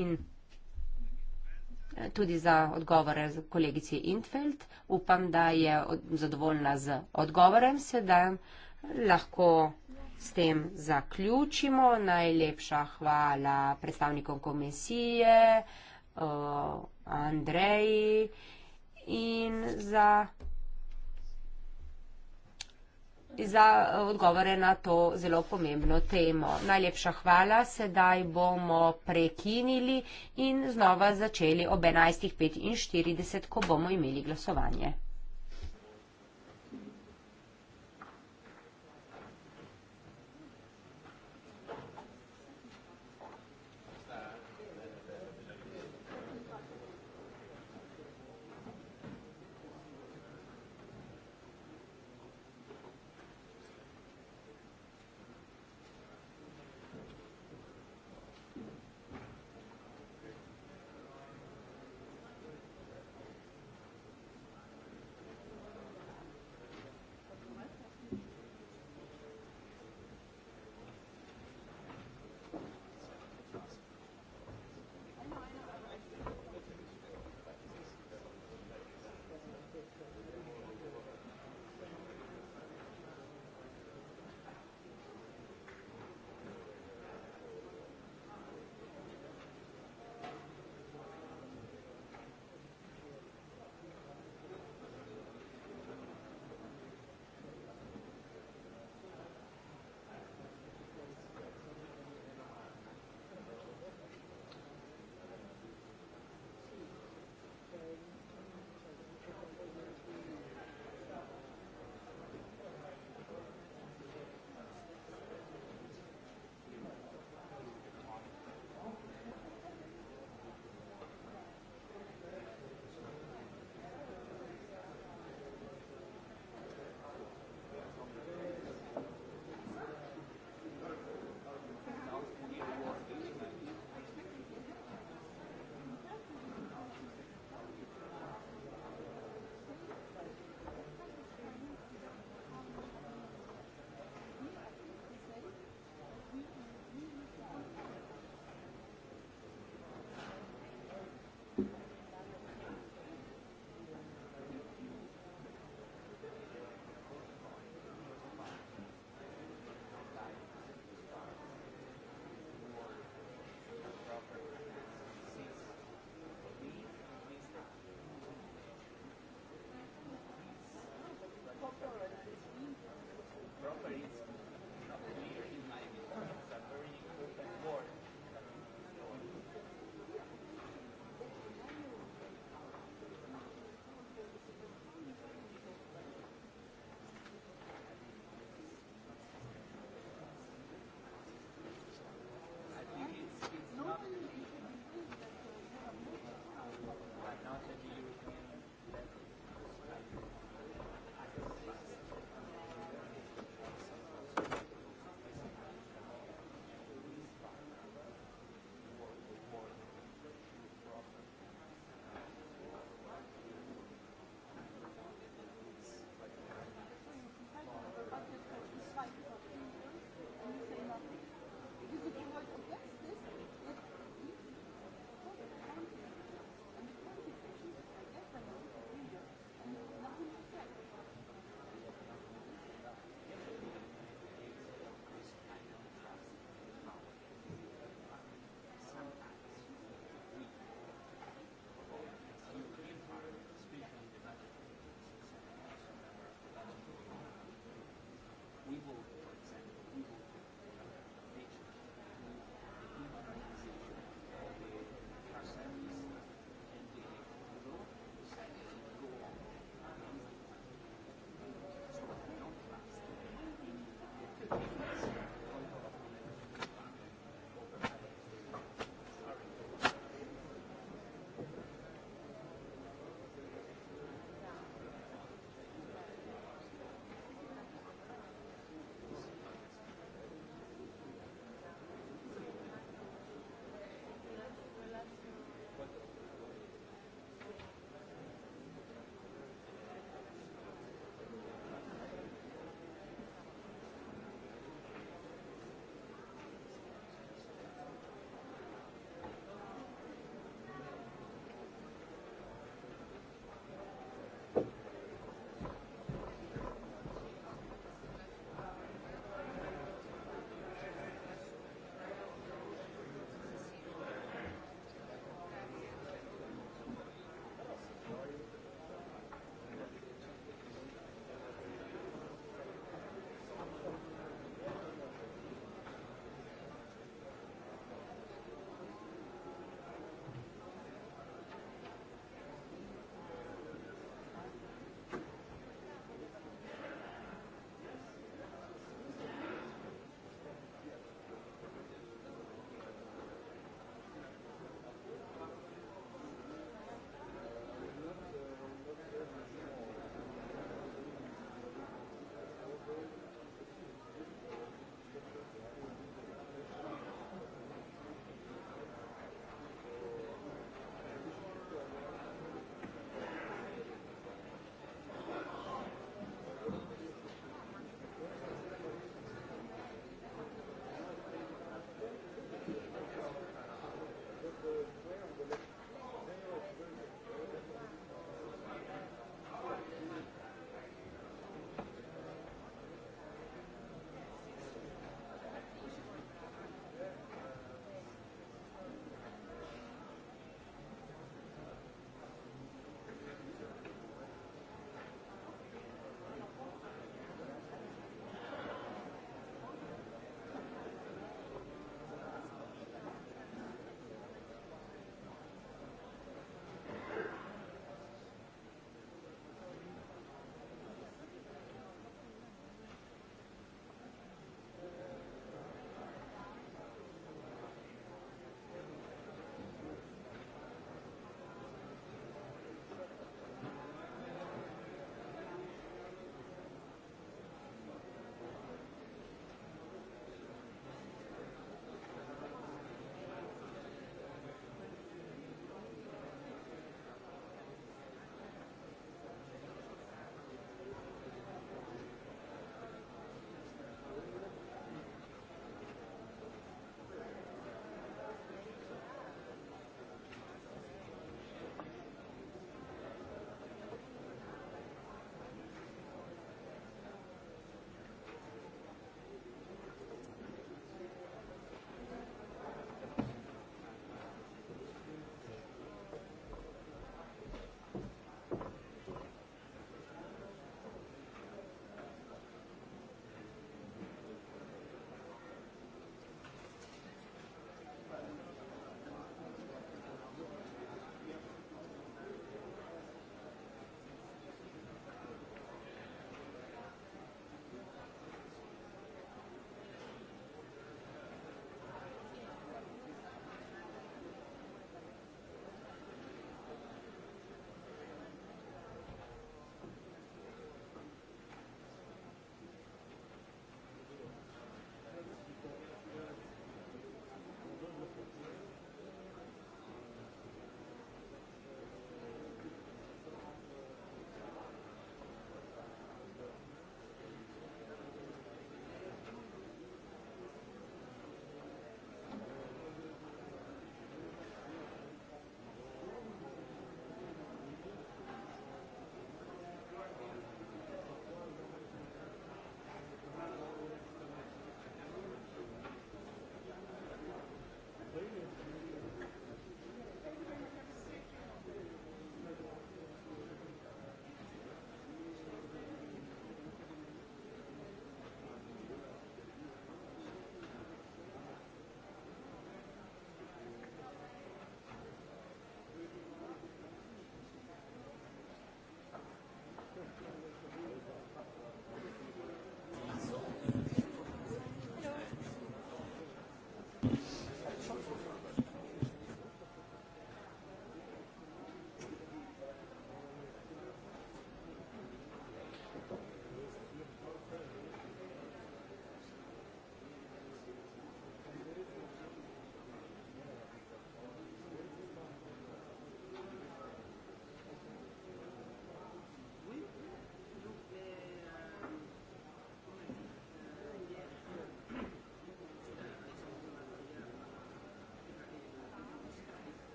In eh, tudi za odgovore kolegici Intfeld. Upam, da je zadovoljna z odgovorem, sedaj lahko s tem zaključimo. Najlepša hvala predstavnikom komisije uh, Andreji in za, za odgovore na to zelo pomembno temo. Najlepša hvala, sedaj bomo prekinili in znova začeli ob 11.45, ko bomo imeli glasovanje.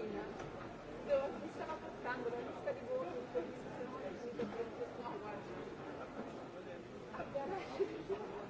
Cristina. Então, eu estava apontando, eu não ficaria boa, eu estou dizendo que eu não estou aguardando. Agora,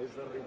Es de rico.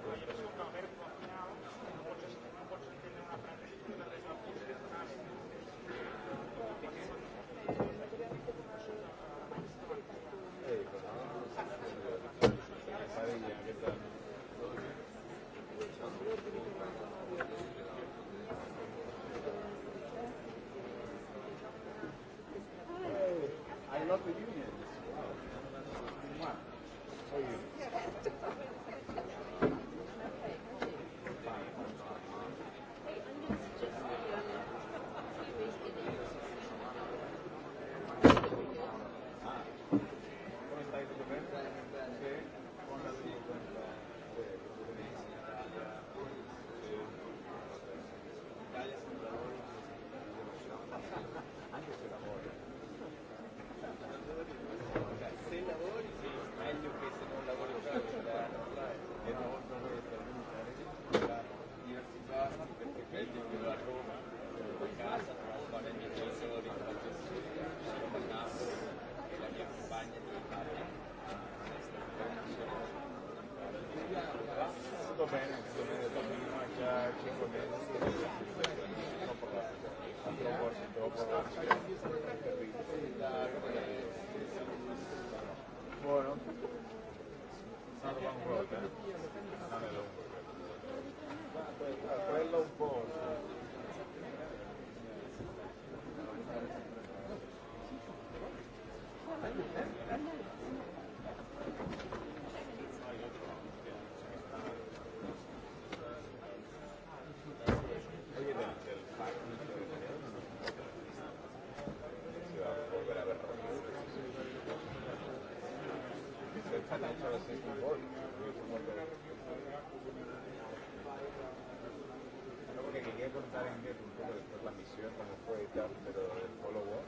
cambios, incluso después la misión, cómo fue y tal, pero el follow-up.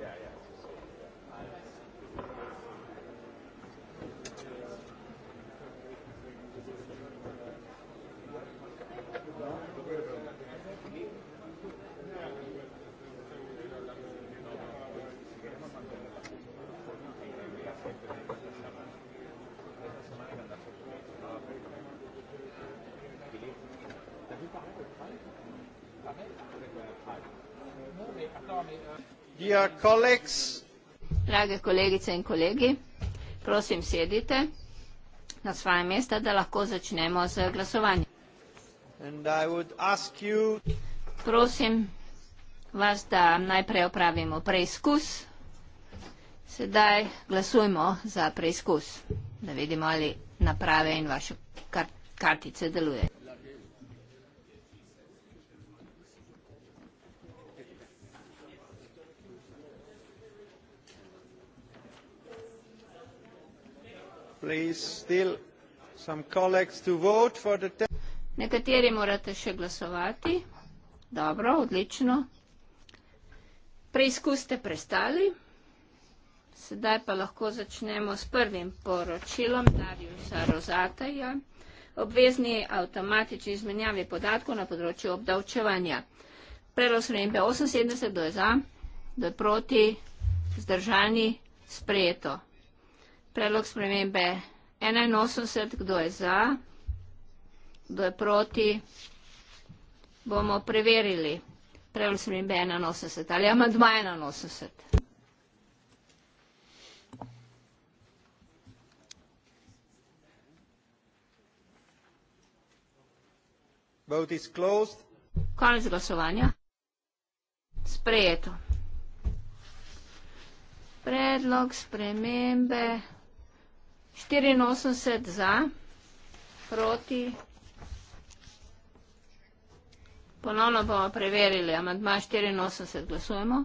Ya, ya, sí, sí. Ya. Ah, ya. dear colleagues. Drage kolegice in kolegi, prosim sedite na svoje mesta, da lahko začnemo z glasovanjem. And I would ask you... Prosim vas, da najprej opravimo preizkus. Sedaj glasujmo za preizkus, da vidimo, ali naprave in vaše kartice delujejo. Nekateri morate še glasovati. Dobro, odlično. Preizkus ste prestali. Sedaj pa lahko začnemo s prvim poročilom Dariusa Rozataja. Obvezni avtomatični izmenjavi podatkov na področju obdavčevanja. Predlog spremembe 78 do je za, do je proti, zdržani, sprejeto. Predlog spremembe 81, kdo je za, kdo je proti, bomo preverili. Predlog spremembe 81 ali amadma 81. Konec glasovanja. Sprejeto. Predlog spremembe 81. 84 za, proti. Ponovno bomo preverili, amadma 84 glasujemo.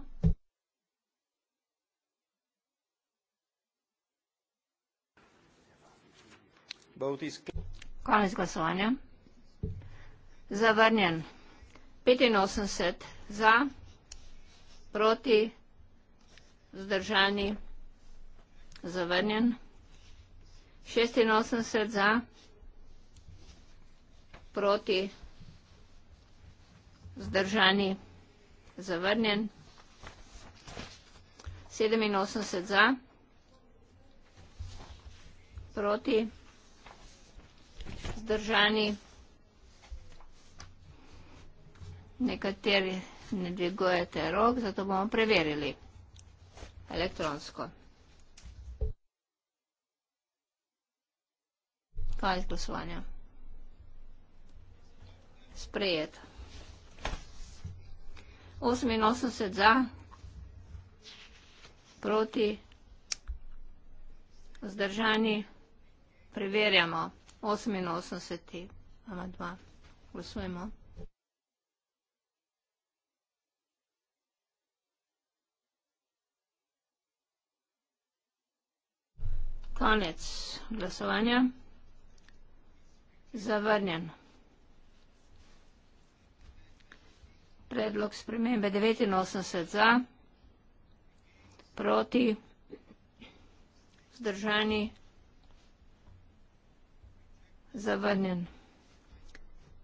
Konec glasovanja. Zavrnjen. 85 za, proti, zdržani, zavrnjen. 85 šestinosemdeset za, proti vzdržani, zavrnjen. Sedeminosemdeset za, proti vzdržani, nekateri ne dvigujete rok, zato bomo preverili elektronsko. Kaj glasovanja? Sprejet. 88 za, proti, vzdržani, preverjamo. 88 ima dva. Glasujemo. Konec glasovanja. Zavrnjen. Predlog spremembe 89 za, proti, zdržani, zavrnjen.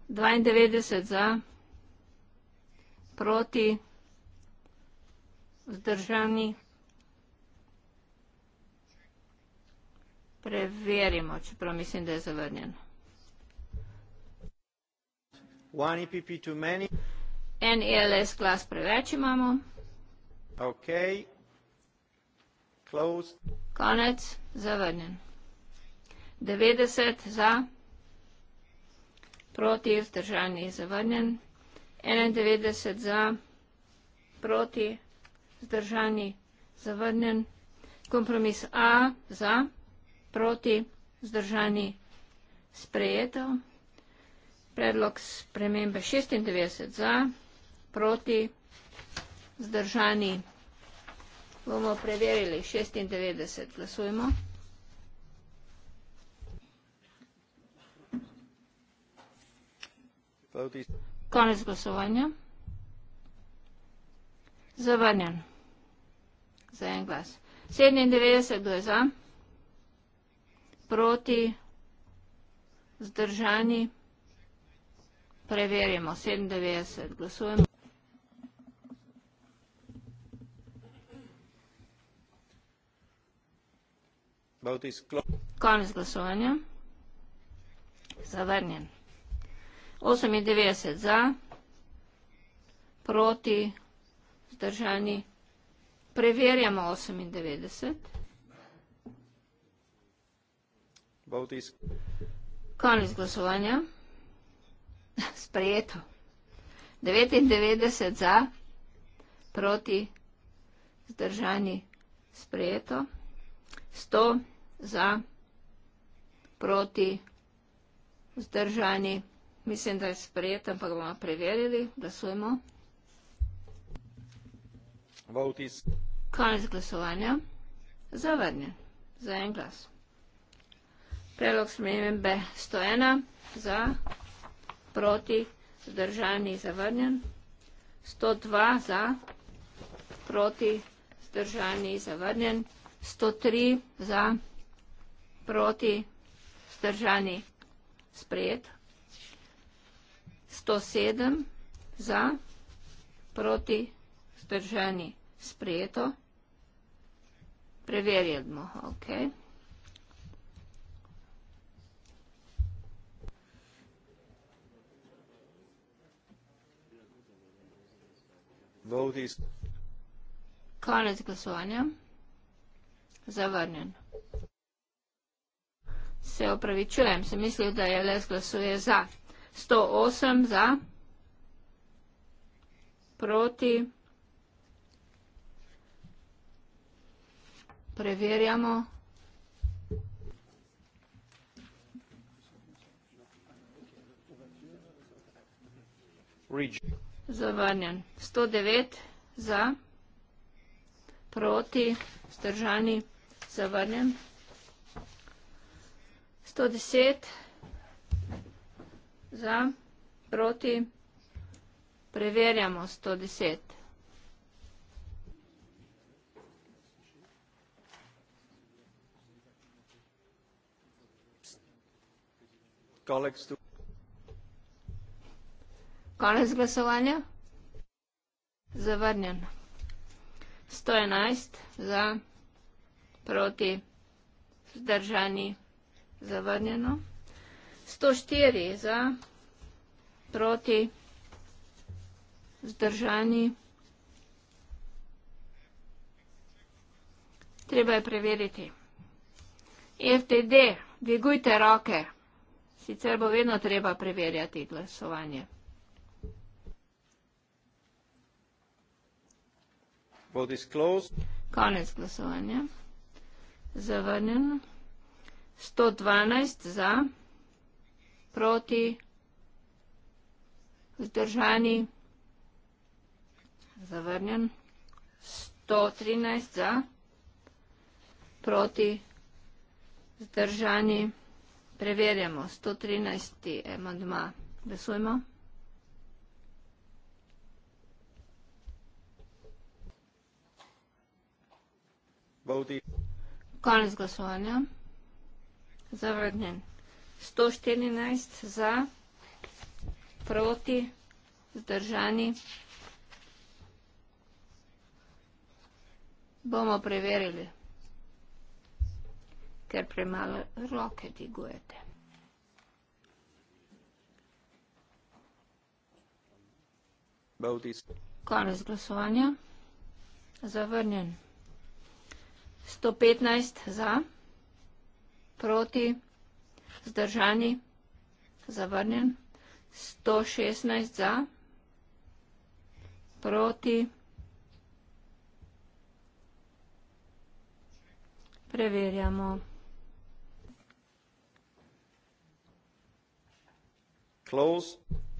92 za, proti, zdržani, preverimo, čeprav mislim, da je zavrnjeno. One EPP too many. En ELS glas preveč imamo. OK. Closed. Konec. Zavrnjen. 90 za. Proti vzdržani zavrnjen. 91 za. Proti vzdržani zavrnjen. Kompromis A za. Proti vzdržani zavrnjen. Sprejeto predlog spremembe 96 za, proti, zdržani. Bomo preverili 96. Glasujemo. Konec glasovanja. Zavrnjen. Za en glas. 97. Kdo je za? Proti? Zdržani? Zdržani? Preverjamo 97. Glasujemo. Konec glasovanja. Zavrnjen. 98 za, proti, zdržani. Preverjamo 98. Konec glasovanja sprejeto. 99 za, proti, zdržani, sprejeto. 100 za, proti, zdržani, mislim, da je sprejeto, ampak bomo preverili, glasujmo. Konec glasovanja. Zavrnjen. Za en glas. Predlog smenjen B101 za proti, zdržani, zavrnjen. 102 za, proti, zdržani, zavrnjen. 103 za, proti, zdržani, sprejet. 107 za, proti, zdržani, sprejeto. Preverjamo, okej. Okay. vote is Konec glasovanja. Zavrnjen. Se opravičujem, sem mislil, da je les glasuje za. 108 za, proti. Preverjamo. Reject. Zavrnjen. 109 za. Proti. Zdržani. Zavrnjen. 110 za. Proti. Preverjamo 110. Colleagues to Konec glasovanja. Zavrnjen. 111 za, proti, zdržani, zavrnjeno. 104 za, proti, zdržani. Treba je preveriti. FTD, dvigujte roke. Sicer bo vedno treba preverjati glasovanje. Konec glasovanja. Zavrnjen. 112 za, proti, vzdržani, zavrnjen. 113 za, proti, vzdržani. Preverjamo. 113. emadma. Glasujemo. 113. Konec glasovanja. Zavrnjen. 114 za, proti, zdržani. Bomo preverili, ker premalo roke digujete. Konec glasovanja. Zavrnjen. 115 za, proti, zdržani, zavrnjen. 116 za, proti, preverjamo. Close.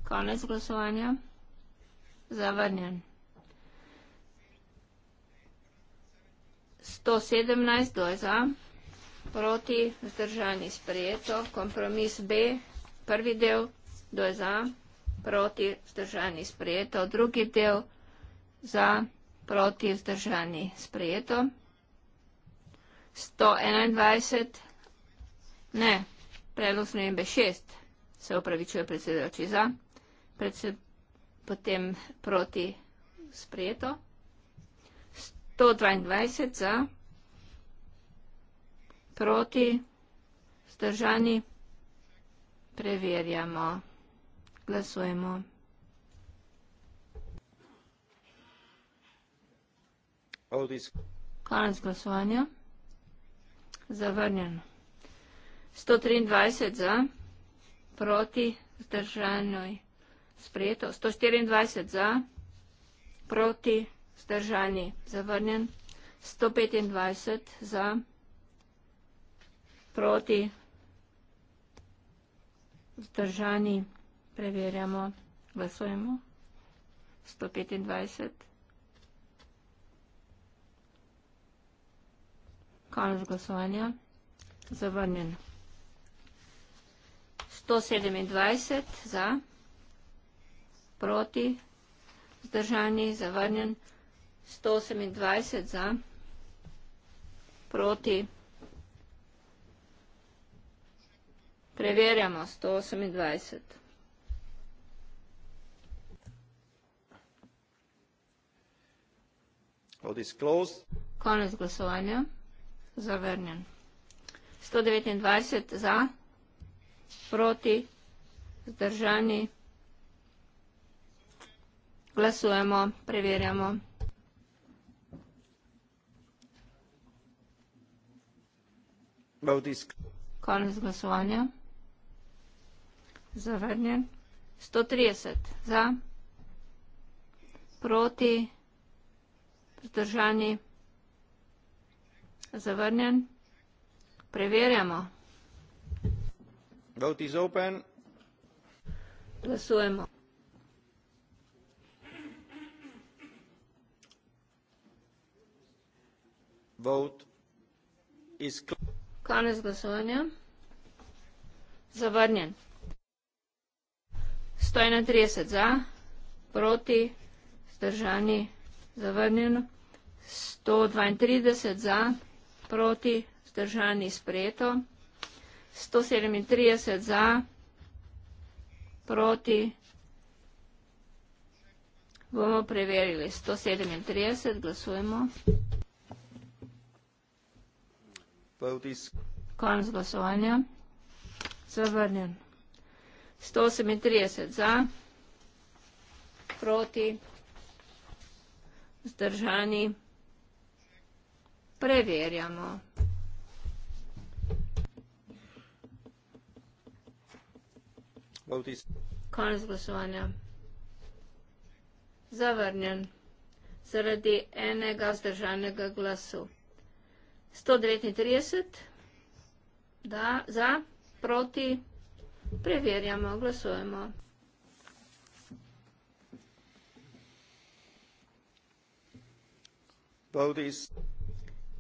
Konec glasovanja. Zavrnjen. 117 je za, proti vzdržani sprejeto, kompromis B, prvi del, do je za, proti vzdržani sprejeto, drugi del, za, proti vzdržani sprejeto, 121, ne, predlog snembe 6, se upravičuje predsedujoči za, predsed, potem proti sprejeto. 122 za, proti, zdržani, preverjamo, glasujemo. Konec glasovanja. Zavrnjeno. 123 za, proti, zdržanoj, sprejeto. 124 za, proti, zdržanoj vzdržani, zavrnjen, 125 za, proti, vzdržani, preverjamo, glasujemo, 125, konec glasovanja, zavrnjen, 127 za, proti, vzdržani, zavrnjen, 125. 128 za, proti. Preverjamo 128. Vote is closed. Konec glasovanja. Zavrnjen. 129 za, proti, zdržani. Glasujemo, preverjamo. konec glasovanja zavrnjen sto trideset za proti vzdržani zavrnjen preverjamo Vote is open. Glasujemo. Vote is closed. Konec glasovanja. Zavrnjen. 131 za, proti, zdržani, zavrnjen. 132 za, proti, zdržani, sprejeto. 137 za, proti, bomo preverili. 137, glasujemo. 137. Konc glasovanja. Zavrnjen. 138 za, proti, zdržani. Preverjamo. Konc glasovanja. Zavrnjen. Zaradi enega zdržanega glasu. 139, da, za, proti, preverjamo, glasujemo.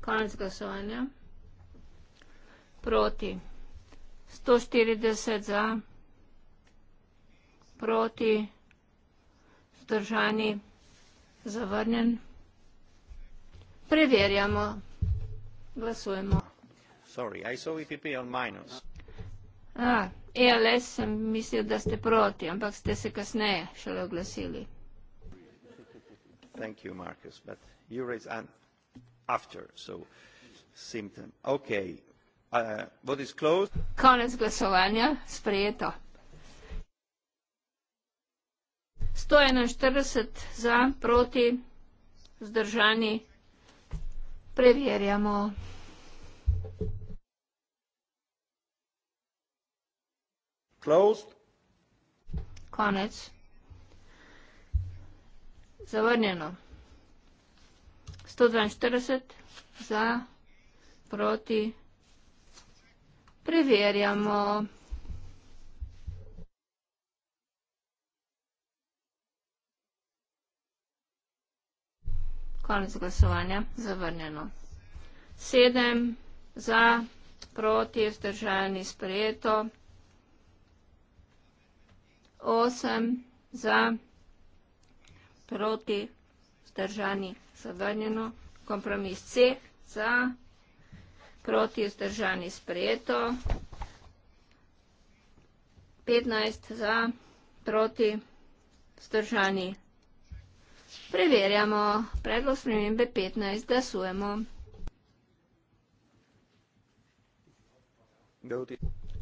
Konec glasovanja. Proti. 140 za. Proti. Zdržani. Zavrnjen. Preverjamo. Glasujemo. Sorry, I saw EPP on minus. Ah, ELS sem mislil, da ste proti, ampak ste se kasneje šele oglasili. Thank you, Marcus, but you raised an after, so symptom. Okay, uh, what is closed? Konec glasovanja, sprejeto. 141 za, proti, zdržani, preverjamo. Closed. Konec. Zavrnjeno. 142 za, proti, preverjamo. Konec glasovanja. Zavrnjeno. Sedem za, proti, vzdržani, sprejeto. Osem za, proti, vzdržani, zavrnjeno. Kompromis C za, proti, vzdržani, sprejeto. Petnajst za, proti, vzdržani, zavrnjeno. Preverjamo. Predlog spremembe 15. Glasujemo.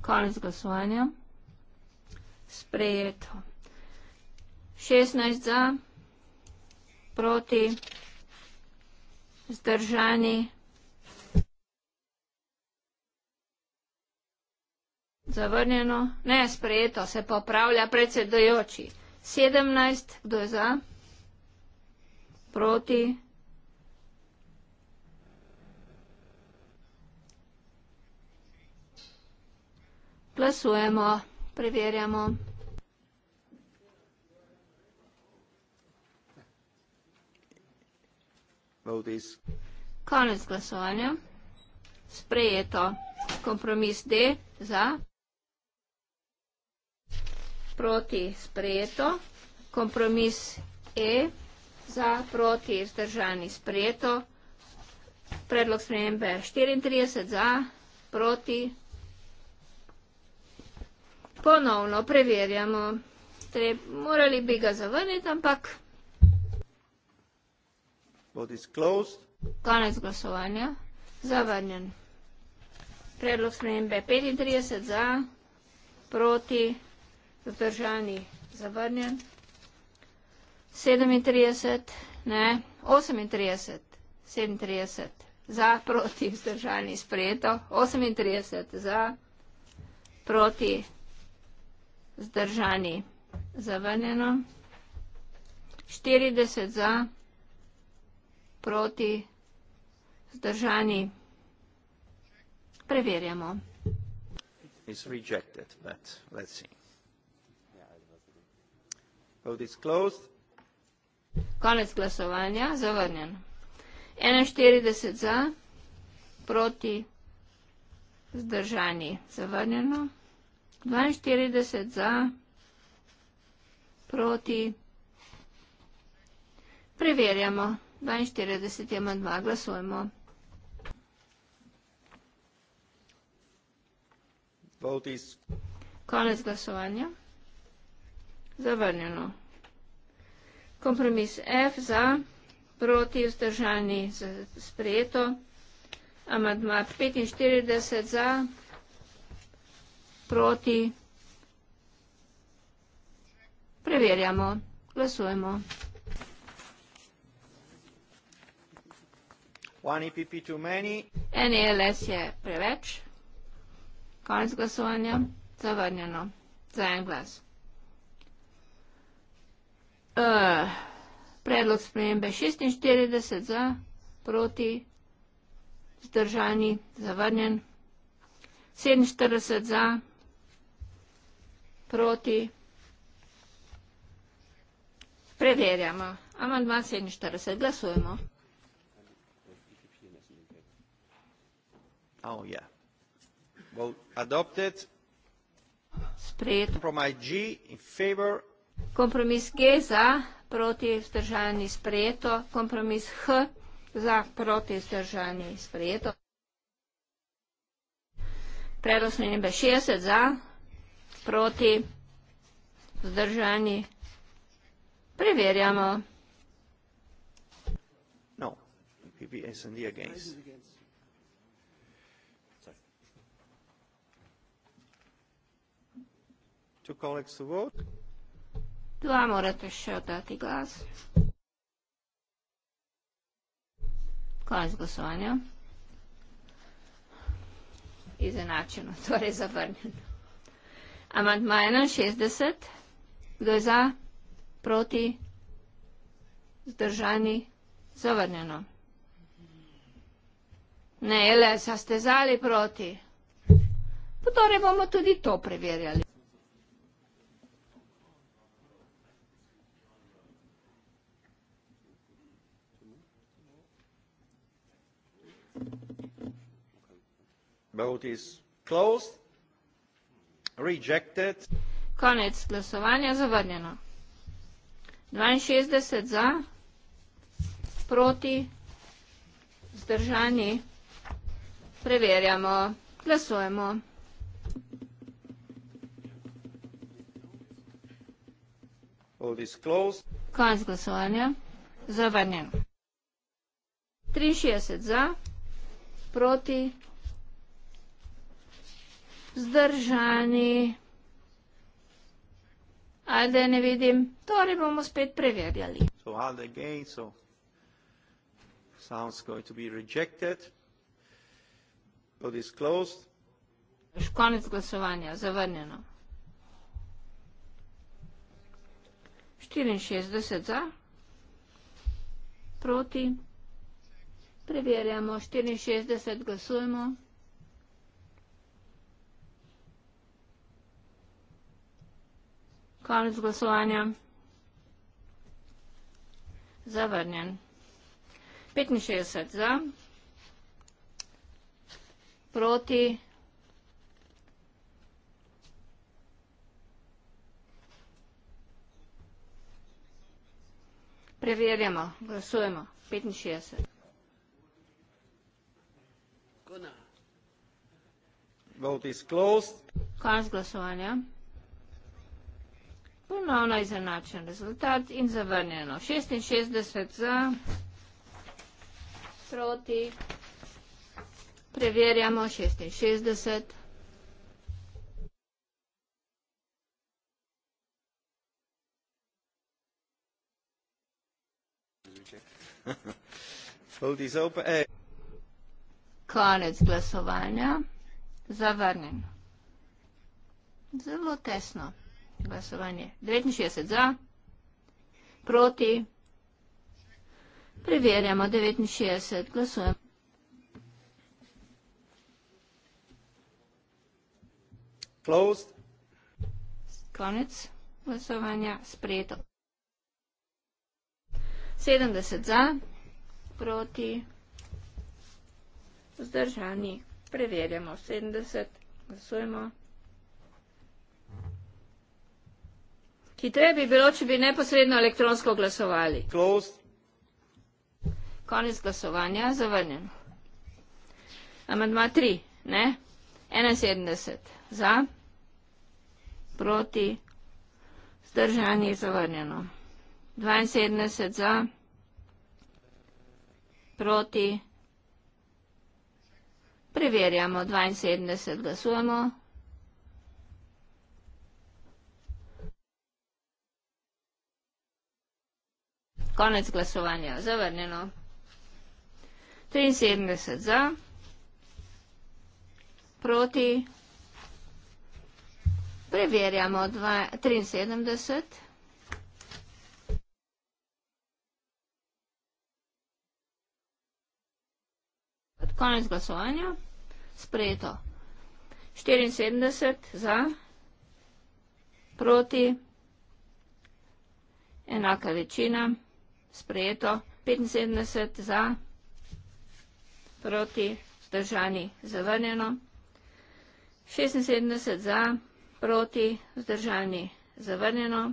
Konec glasovanja. Sprejeto. 16 za, proti, zdržani. Zavrnjeno. Ne, sprejeto se popravlja predsedojoči. 17, kdo je za? proti. Glasujemo, preverjamo. Konec glasovanja. Sprejeto. Kompromis D za. Proti sprejeto. Kompromis E za, proti, vzdržani, sprejeto. Predlog spremembe 34 za, proti. Ponovno preverjamo. Treb, morali bi ga zavrniti, ampak. Konec glasovanja. Zavrnjen. Predlog spremembe 35 za, proti, vzdržani, zavrnjen. 37, ne, 38, 37 za, proti, vzdržani, sprejeto, 38 za, proti, vzdržani, zavrnjeno, 40 za, proti, vzdržani, preverjamo. It's rejected, but let's see. Vote is closed. Konec glasovanja, zavrnjen. 41 za, proti, zdržani, zavrnjeno. 42 za, proti, preverjamo. 42 je manj dva, glasujemo. Votis. Konec glasovanja, zavrnjeno kompromis F za, proti vzdržani za sprejeto, amadma 45 za, proti, preverjamo, glasujemo. E Eni e LS je preveč, konec glasovanja, zavrnjeno, za en glas. Eh, predlog spremembe 46 za, proti, zdržani, zavrnjen, 47 za, proti, preverjamo. Amandma 47, glasujemo. Oh, yeah. Well, adopted. Sprejet. Compromise G in favor kompromis G za proti vzdržani sprejeto, kompromis H za proti vzdržani sprejeto. Predlog spremembe 60 za proti vzdržani preverjamo. No, PPS and the against. Two colleagues to vote. Това морето ще отдати глас. Кога е сгласовано? Изеначено, т.е. завърнено. Амандмайна 60. Кой за? Проти? Сдържани? Завърнено. Не, еле, са сте за или проти? Потори бомо туди то преверяли. vote is closed rejected konec glasovanja zavrnjeno 62 za proti zdržani preverjamo glasujemo vote is closed konec glasovanja zavrnjeno 63 za proti vzdržani. Ajde, ne vidim. Torej bomo spet preverjali. So Ajde, again, so sounds going to be rejected. Vote is closed. Konec glasovanja, zavrnjeno. 64 za, proti, preverjamo, 64 glasujemo. Konec glasovanja. Zavrnjen. 65 za. Proti. Preverjamo. Glasujemo. 65. Vote is closed. Konec glasovanja ponovno izenačen rezultat in zavrnjeno 66 za proti preverjamo 66 eh. Konec glasovanja. Zavrnjen. Zelo tesno. Glasovanje. 69 za, proti. Preverjamo, 69 glasujemo. Closed. Konec glasovanja, sprejeto. 70 za, proti, vzdržani, preverjamo 70, glasujemo. Hitreje bi bilo, če bi neposredno elektronsko glasovali. Closed. Konec glasovanja, zavrnjen. Amandma 3, ne? 71 za, proti, zdržanje zavrnjeno. 72 za, proti, preverjamo, 72 glasujemo, Konec glasovanja. Zavrnjeno. 73 za. Proti. Preverjamo. 73. Konec glasovanja. Sprejeto. 74 za. Proti. Enaka večina. Proti sprejeto, 75 za, proti, vzdržani, zavrnjeno, 76 za, proti, vzdržani, zavrnjeno,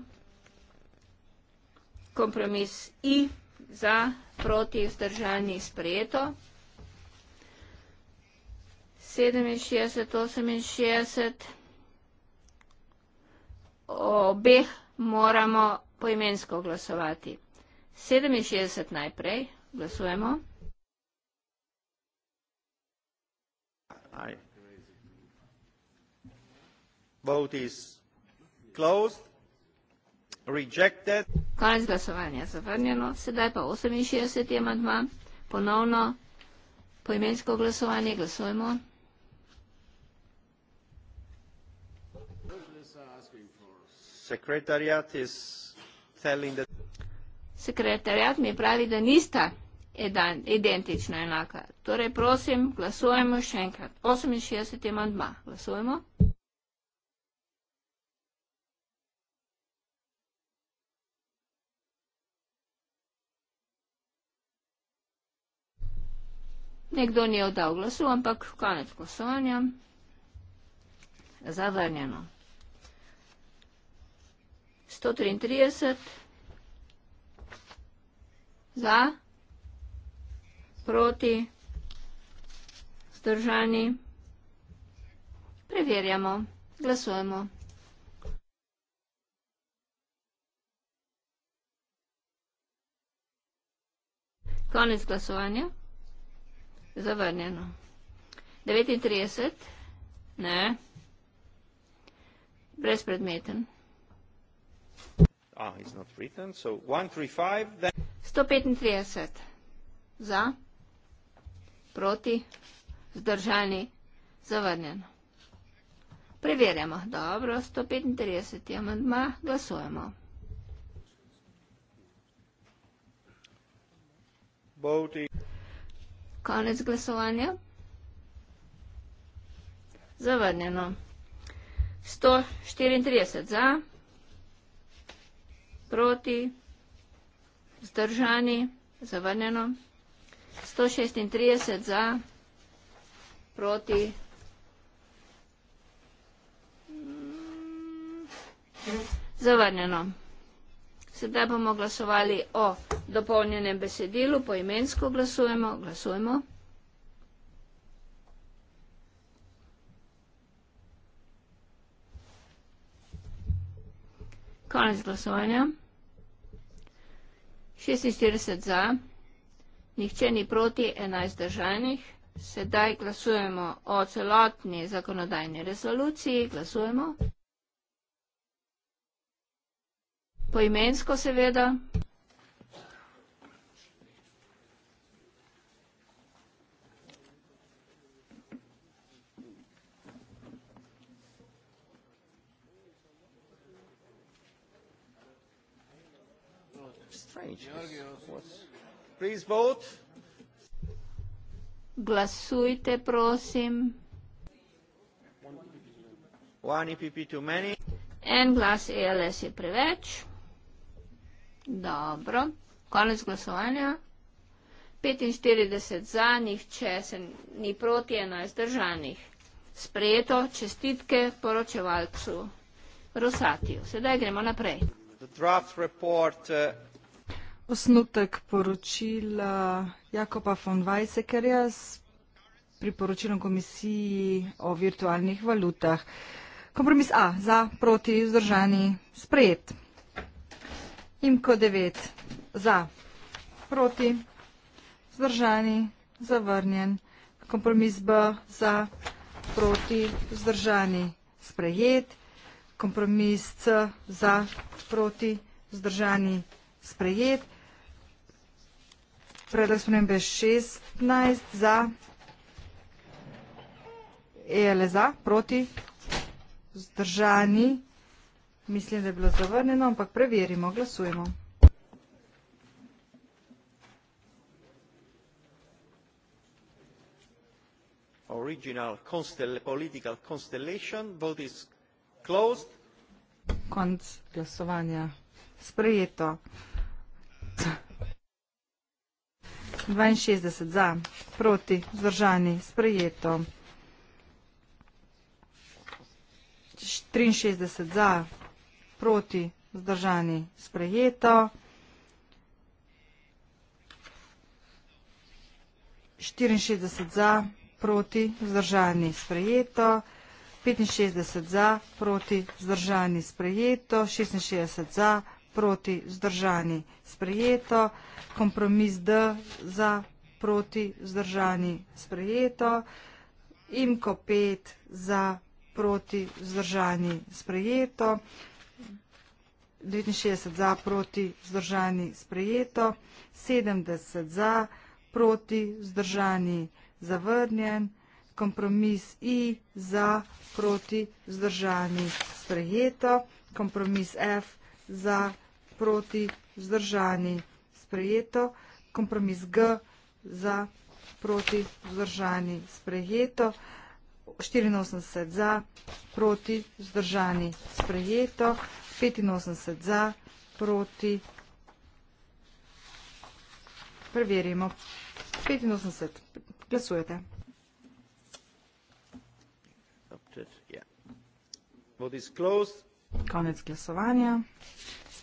kompromis I za, proti, vzdržani, sprejeto, 67, 68, obeh moramo poimensko glasovati. 67 najprej, glasujemo. Vote is closed. Rejected. Konec glasovanja zavrnjeno. Sedaj pa 68 ima dva. Ponovno poimensko glasovanje glasujemo. Sekretariat is telling the... That sekretarjat mi pravi, da nista edan, identično enaka. Torej, prosim, glasujemo še enkrat. 68. amandma. Glasujemo. Nekdo ni oddal glasu, ampak konec glasovanja. Zavrnjeno. 133, Za? Proti? Zdržani? Preverjamo. Glasujemo. Konec glasovanja. Zavrnjeno. 39. Ne. Brezpredmeten. Ah, it's not written, so 135, then... 135 za, proti, zdržani, zavrnjen. Preverjamo. Dobro, 135 je amandma, glasujemo. Konec glasovanja. Zavrnjeno. 134 za, proti, zdržani, zavrnjen vzdržani, zavrnjeno, 136 za, proti, zavrnjeno. Sedaj bomo glasovali o dopolnjenem besedilu, poimensko glasujemo, glasujemo. Konec glasovanja. 46 za, nihče ni proti, 11 držanih. Sedaj glasujemo o celotni zakonodajni rezoluciji. Glasujemo. Poimensko seveda. French. Please vote. Glasujte, prosim. One EPP too many. En glas ELS je preveč. Dobro. Konec glasovanja. 45 za, nihče se ni proti, 11 držanih. Sprejeto, čestitke poročevalcu Rosatiju. Sedaj gremo naprej. The draft report, uh... Osnutek poročila Jakoba von Weizsäckerja s priporočilom komisiji o virtualnih valutah. Kompromis A za proti vzdržani sprejet. IMKO 9 za proti vzdržani zavrnjen. Kompromis B za proti vzdržani sprejet. Kompromis C za proti vzdržani sprejet. Predlog spremembe 16 za, ELE e za, proti, zdržani. Mislim, da je bilo zavrneno, ampak preverimo, glasujemo. Original political constellation, vote is closed. Konc glasovanja sprejeto. 62 za, proti, vzdržani, sprejeto. 63 za, proti, vzdržani, sprejeto. 64 za, proti, vzdržani, sprejeto. 65 za, proti, vzdržani, sprejeto. 66 za, proti zdržani. Sprejeto. Kompromis D za proti zdržani. Sprejeto. IMKO 5 za proti zdržani. Sprejeto. 69 za proti zdržani. Sprejeto. 70 za proti zdržani. Zavrnjen. Kompromis I za proti zdržani. Sprejeto. Kompromis F za proti zdržani proti vzdržani sprejeto, kompromis G za proti vzdržani sprejeto, 84 za proti vzdržani sprejeto, 85 za proti Preverimo. 85. Glasujete. Konec glasovanja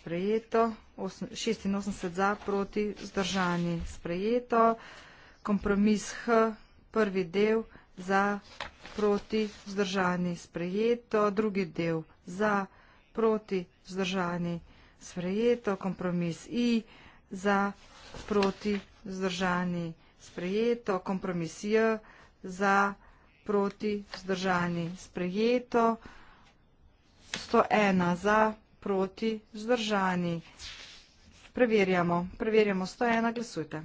sprejeto, 86 za proti, zdržani sprejeto, kompromis H, prvi del za proti, zdržani sprejeto, drugi del za proti, zdržani sprejeto, kompromis I za proti, zdržani sprejeto, kompromis J za proti, zdržani sprejeto, 101 za proti, proti zdržani. Preverjamo, preverjamo 101, glasujte.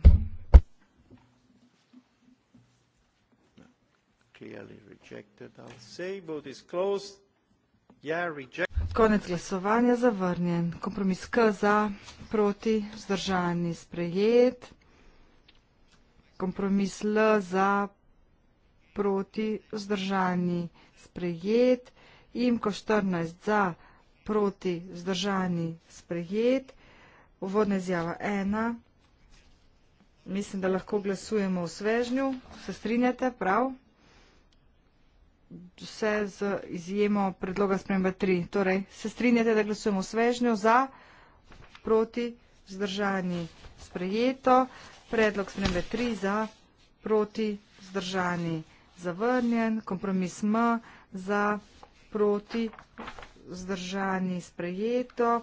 Konec glasovanja zavrnjen. Kompromis K za, proti, zdržani sprejet. Kompromis L za, proti, zdržani sprejet. Imko 14 za, proti, zdržani sprejet proti vzdržani sprejet. Uvodna izjava ena. Mislim, da lahko glasujemo v svežnju. Se strinjate, prav? Vse z izjemo predloga spremembe 3. Torej, se strinjate, da glasujemo v svežnju za, proti, vzdržani, sprejeto. Predlog spremembe 3 za, proti, vzdržani, zavrnjen. Kompromis M za, proti, vzdržani sprejeto,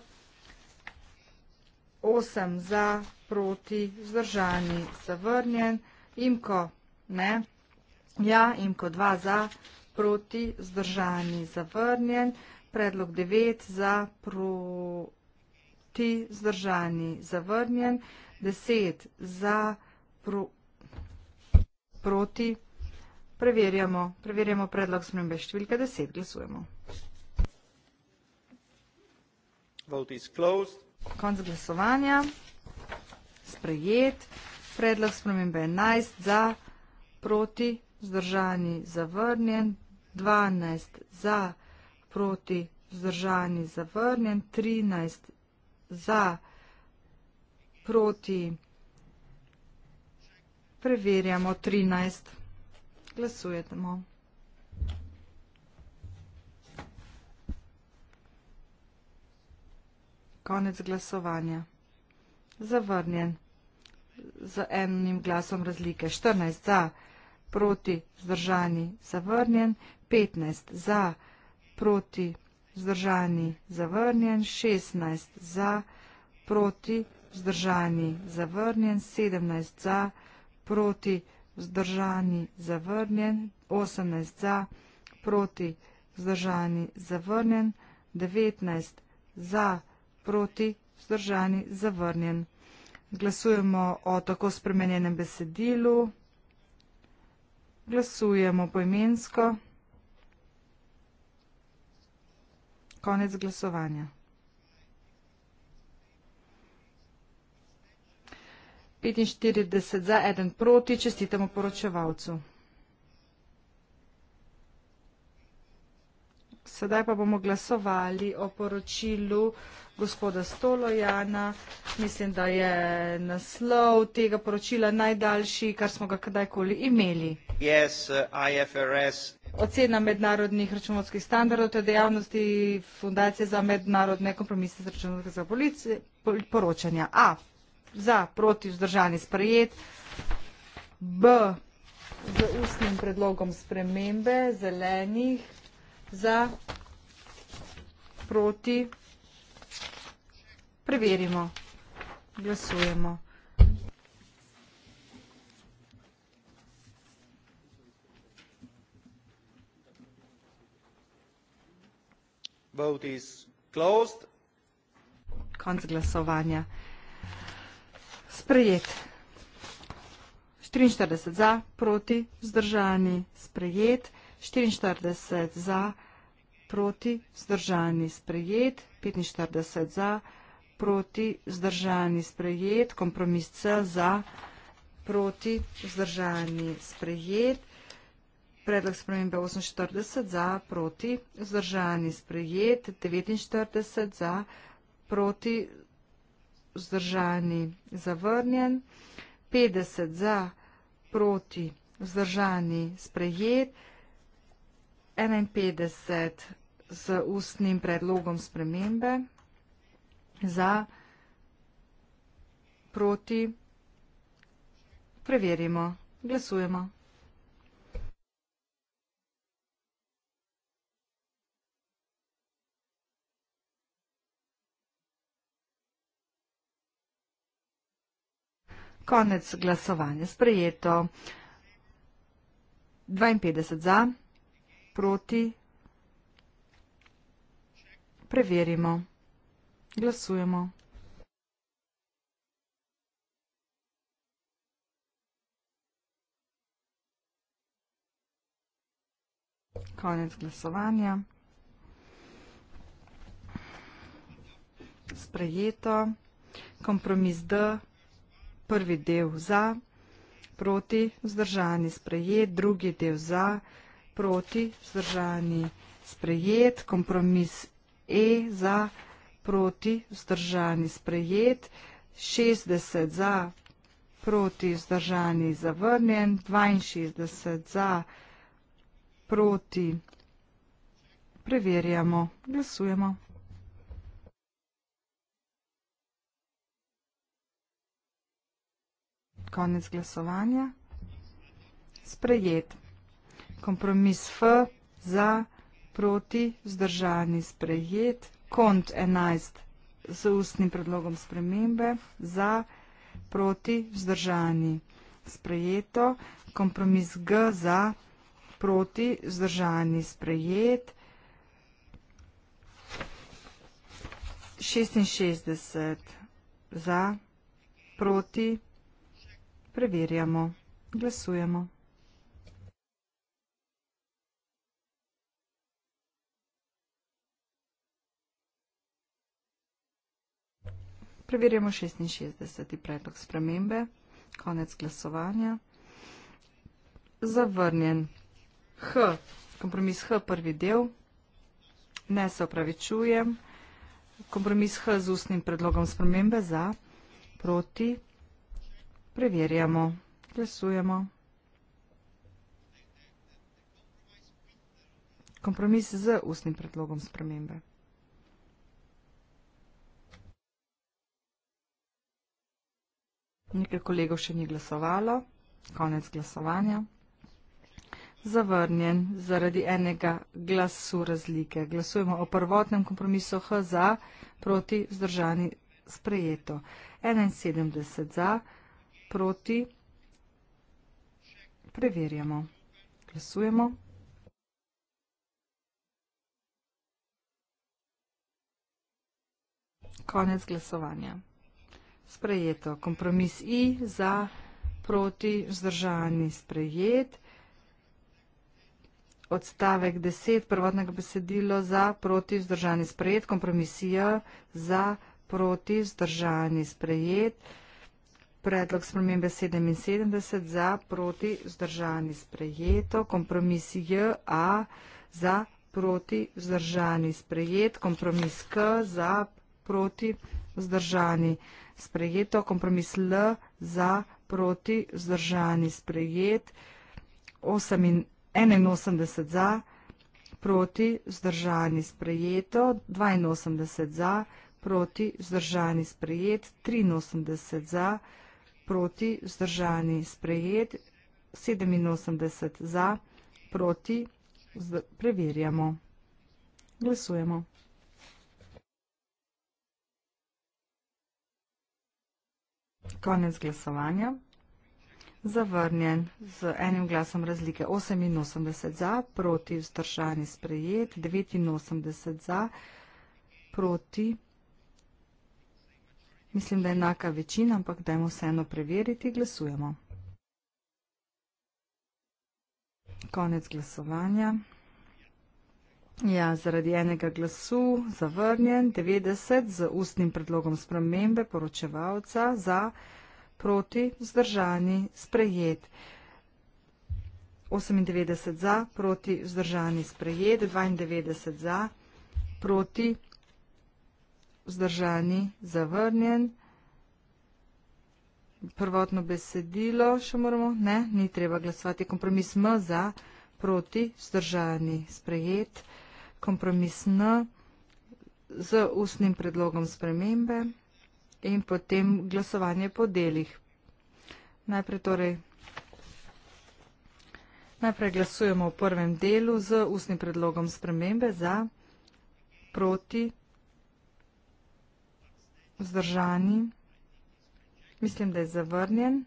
8 za, proti, vzdržani zavrnjen, imko ne, ja, imko 2 za, proti, vzdržani zavrnjen, predlog 9 za, proti, vzdržani zavrnjen, 10 za, pro, proti, preverjamo, preverjamo predlog smrembe številka 10, glasujemo. Konc glasovanja. Sprejet. Predlog spremembe 11 za, proti, vzdržani, zavrnjen. 12 za, proti, vzdržani, zavrnjen. 13 za, proti. Preverjamo 13. Glasujemo. Konec glasovanja. Zavrnjen. Z enim glasom razlike. 14 za, proti, zdržani, zavrnjen. 15 za, proti, zdržani, zavrnjen. 16 za, proti, zdržani, zavrnjen. 17 za, proti, zdržani, zavrnjen. 18 za, proti, zdržani, zavrnjen. 19 za, proti, zdržani, zavrnjen proti, vzdržani, zavrnjen. Glasujemo o tako spremenjenem besedilu. Glasujemo poimensko. Konec glasovanja. 45 za, 1 proti, čestitamo poročevalcu. Sedaj pa bomo glasovali o poročilu gospoda Stolojana. Mislim, da je naslov tega poročila najdaljši, kar smo ga kdajkoli imeli. Yes, uh, IFRS. Ocena mednarodnih računovodskih standardov te dejavnosti Fundacije za mednarodne kompromise z računovodskega poročanja. A. Za proti vzdržani sprejet. B. Z ustnim predlogom spremembe zelenih za proti Preverimo. Glasujemo. Konc glasovanja. Sprejet. 44 za, proti, vzdržani, sprejet. 44 za, proti, vzdržani, sprejet. 45 za, proti, vzdržani, sprejet proti, vzdržani, sprejet, kompromis C za, proti, vzdržani, sprejet, predlog spremembe 48 za, proti, vzdržani, sprejet, 49 za, proti, vzdržani, zavrnjen, 50 za, proti, vzdržani, sprejet, 51 z ustnim predlogom spremembe za, proti, preverimo, glasujemo. Konec glasovanja sprejeto. 52 za, proti, preverimo. Glasujemo. Konec glasovanja. Sprejeto. Kompromis D. Prvi del za. Proti vzdržani sprejet. Drugi del za. Proti vzdržani sprejet. Kompromis E za. Proti vzdržani sprejet proti, vzdržani, sprejet, 60 za, proti, vzdržani, zavrnjen, 62 za, proti, preverjamo, glasujemo. Konec glasovanja. Sprejet. Kompromis F za, proti, vzdržani, sprejet, 62 za kont 11 z ustnim predlogom spremembe za proti vzdržani sprejeto, kompromis G za proti vzdržani sprejet, 66 za proti preverjamo, glasujemo. Preverjamo 66. predlog spremembe. Konec glasovanja. Zavrnjen. H. Kompromis H, prvi del. Ne se opravičujem. Kompromis H z ustnim predlogom spremembe za, proti. Preverjamo. Glasujemo. Kompromis z ustnim predlogom spremembe. nekaj kolegov še ni glasovalo, konec glasovanja. Zavrnjen zaradi enega glasu razlike. Glasujemo o prvotnem kompromisu H za proti vzdržani sprejeto. 71 za proti. Preverjamo. Glasujemo. Konec glasovanja sprejeto. Kompromis I za, proti, vzdržani sprejet. Odstavek 10 prvotnega besedilo za, proti, vzdržani sprejet. Kompromisija za, proti, vzdržani sprejet. Predlog spremembe 77 za, proti, vzdržani sprejeto. Kompromis J, A za, proti, vzdržani sprejet. Kompromis K za, proti, vzdržani sprejet vzdržani. Sprejeto kompromis L za proti vzdržani sprejet. 81 za proti vzdržani sprejeto. 82 za proti vzdržani sprejet. 83 za proti vzdržani sprejet. 87 za proti. Preverjamo. Glasujemo. konec glasovanja. Zavrnjen z enim glasom razlike 88 za, proti vzdržani sprejet, 89 za, proti, mislim, da je enaka večina, ampak dajmo vseeno preveriti, glasujemo. Konec glasovanja. Ja, zaradi enega glasu zavrnjen, 90 z ustnim predlogom spremembe poročevalca za proti vzdržani sprejet. 98 za proti vzdržani sprejet, 92 za proti vzdržani zavrnjen. Prvotno besedilo še moramo, ne, ni treba glasovati kompromis M za proti vzdržani sprejet kompromis N z ustnim predlogom spremembe in potem glasovanje po delih. Najprej torej, najprej glasujemo v prvem delu z ustnim predlogom spremembe za, proti, vzdržani, mislim, da je zavrnjen,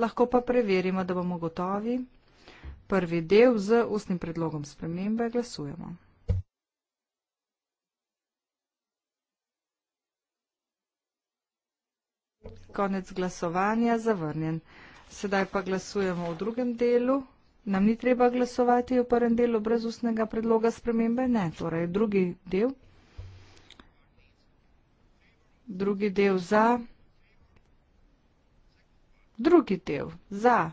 lahko pa preverimo, da bomo gotovi. Prvi del z ustnim predlogom spremembe glasujemo. konec glasovanja, zavrnjen. Sedaj pa glasujemo v drugem delu. Nam ni treba glasovati v prvem delu brez ustnega predloga spremembe? Ne, torej drugi del. Drugi del za. Drugi del za.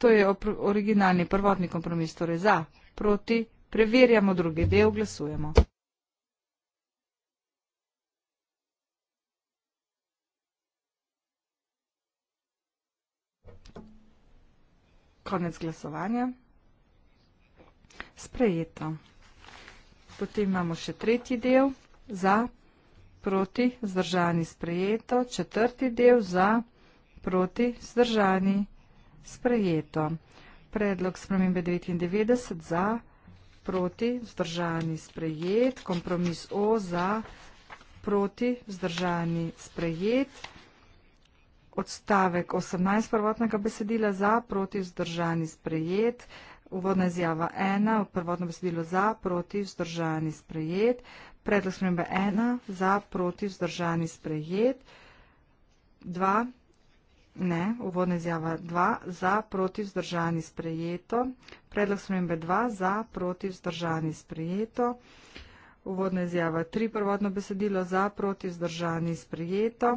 To je originalni prvotni kompromis, torej za, proti, preverjamo drugi del, glasujemo. konec glasovanja. Sprejeto. Potem imamo še tretji del za, proti, zdržani, sprejeto. Četrti del za, proti, zdržani, sprejeto. Predlog spremembe 99 za, proti, zdržani, sprejet. Kompromis O za, proti, zdržani, sprejet. Sprejeto odstavek 18 prvotnega besedila za, proti vzdržani sprejet, uvodna izjava 1, prvotno besedilo za, proti vzdržani sprejet, predlog spremembe 1, za, proti vzdržani sprejet, 2, ne, uvodna izjava 2, za, proti vzdržani sprejeto, predlog spremembe 2, za, proti vzdržani sprejeto, uvodna izjava 3, prvotno besedilo za, proti vzdržani sprejeto,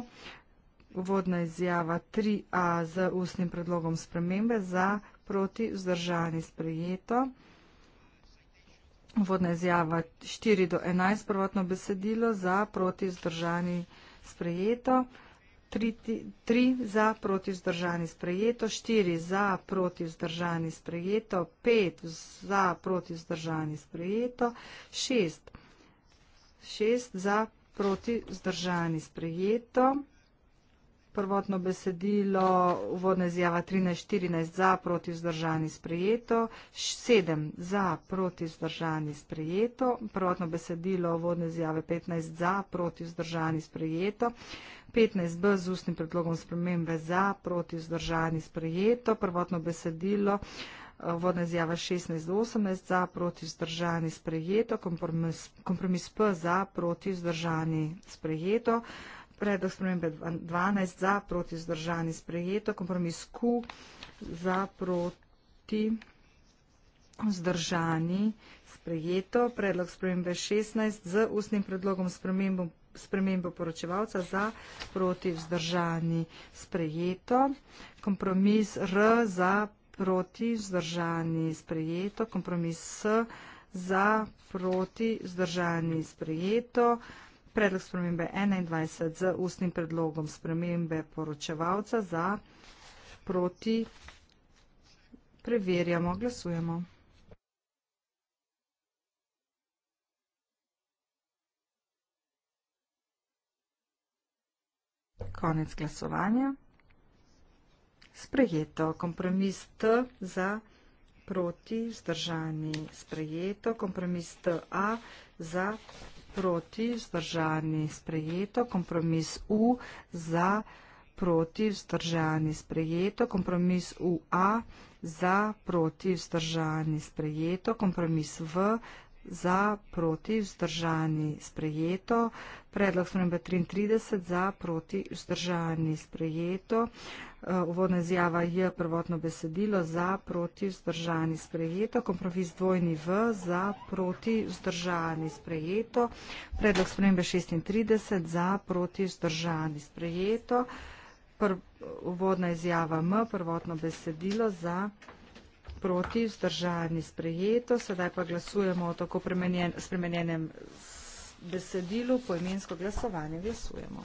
Uvodna izjava 3a z ustnim predlogom spremembe za proti vzdržani sprejeto. Uvodna izjava 4 do 11 prvotno besedilo za proti vzdržani sprejeto. 3 za proti vzdržani sprejeto, 4 za proti vzdržani sprejeto, 5 za proti vzdržani sprejeto, 6 za proti vzdržani sprejeto prvotno besedilo, uvodna izjava 13-14 za, proti vzdržani sprejeto, 7 za, proti vzdržani sprejeto, prvotno besedilo, uvodna izjave 15 za, proti vzdržani sprejeto, 15b z ustnim predlogom spremembe za, proti vzdržani sprejeto, prvotno besedilo, Vodna izjava 16-18 za proti vzdržani sprejeto, kompromis, kompromis P za proti vzdržani sprejeto, predlog spremembe 12 za proti zdržani sprejeto, kompromis Q za proti zdržani sprejeto, predlog spremembe 16 z ustnim predlogom spremembo poročevalca za proti vzdržani sprejeto, kompromis R za proti vzdržani sprejeto, kompromis S za proti vzdržani sprejeto, predlog spremembe 21 z ustnim predlogom spremembe poročevalca za proti preverjamo, glasujemo. Konec glasovanja. Sprejeto. Kompromis T za proti vzdržani. Sprejeto. Kompromis T A za proti proti, vzdržani, sprejeto, kompromis U za, proti, vzdržani, sprejeto, kompromis UA za, proti, vzdržani, sprejeto, kompromis V za, za, proti, vzdržani, sprejeto. Predlog spremembe 33 za, proti, vzdržani, sprejeto. Uh, uvodna izjava je prvotno besedilo za, proti, vzdržani, sprejeto. Kompromis dvojni v za, proti, vzdržani, sprejeto. Predlog spremembe 36 za, proti, vzdržani, sprejeto. Prv, uvodna izjava M, prvotno besedilo za, proti, vzdržani, sprejeto proti, vzdržani, sprejeto. Sedaj pa glasujemo o tako premenjen, spremenjenem besedilu, poimensko glasovanje. Glasujemo.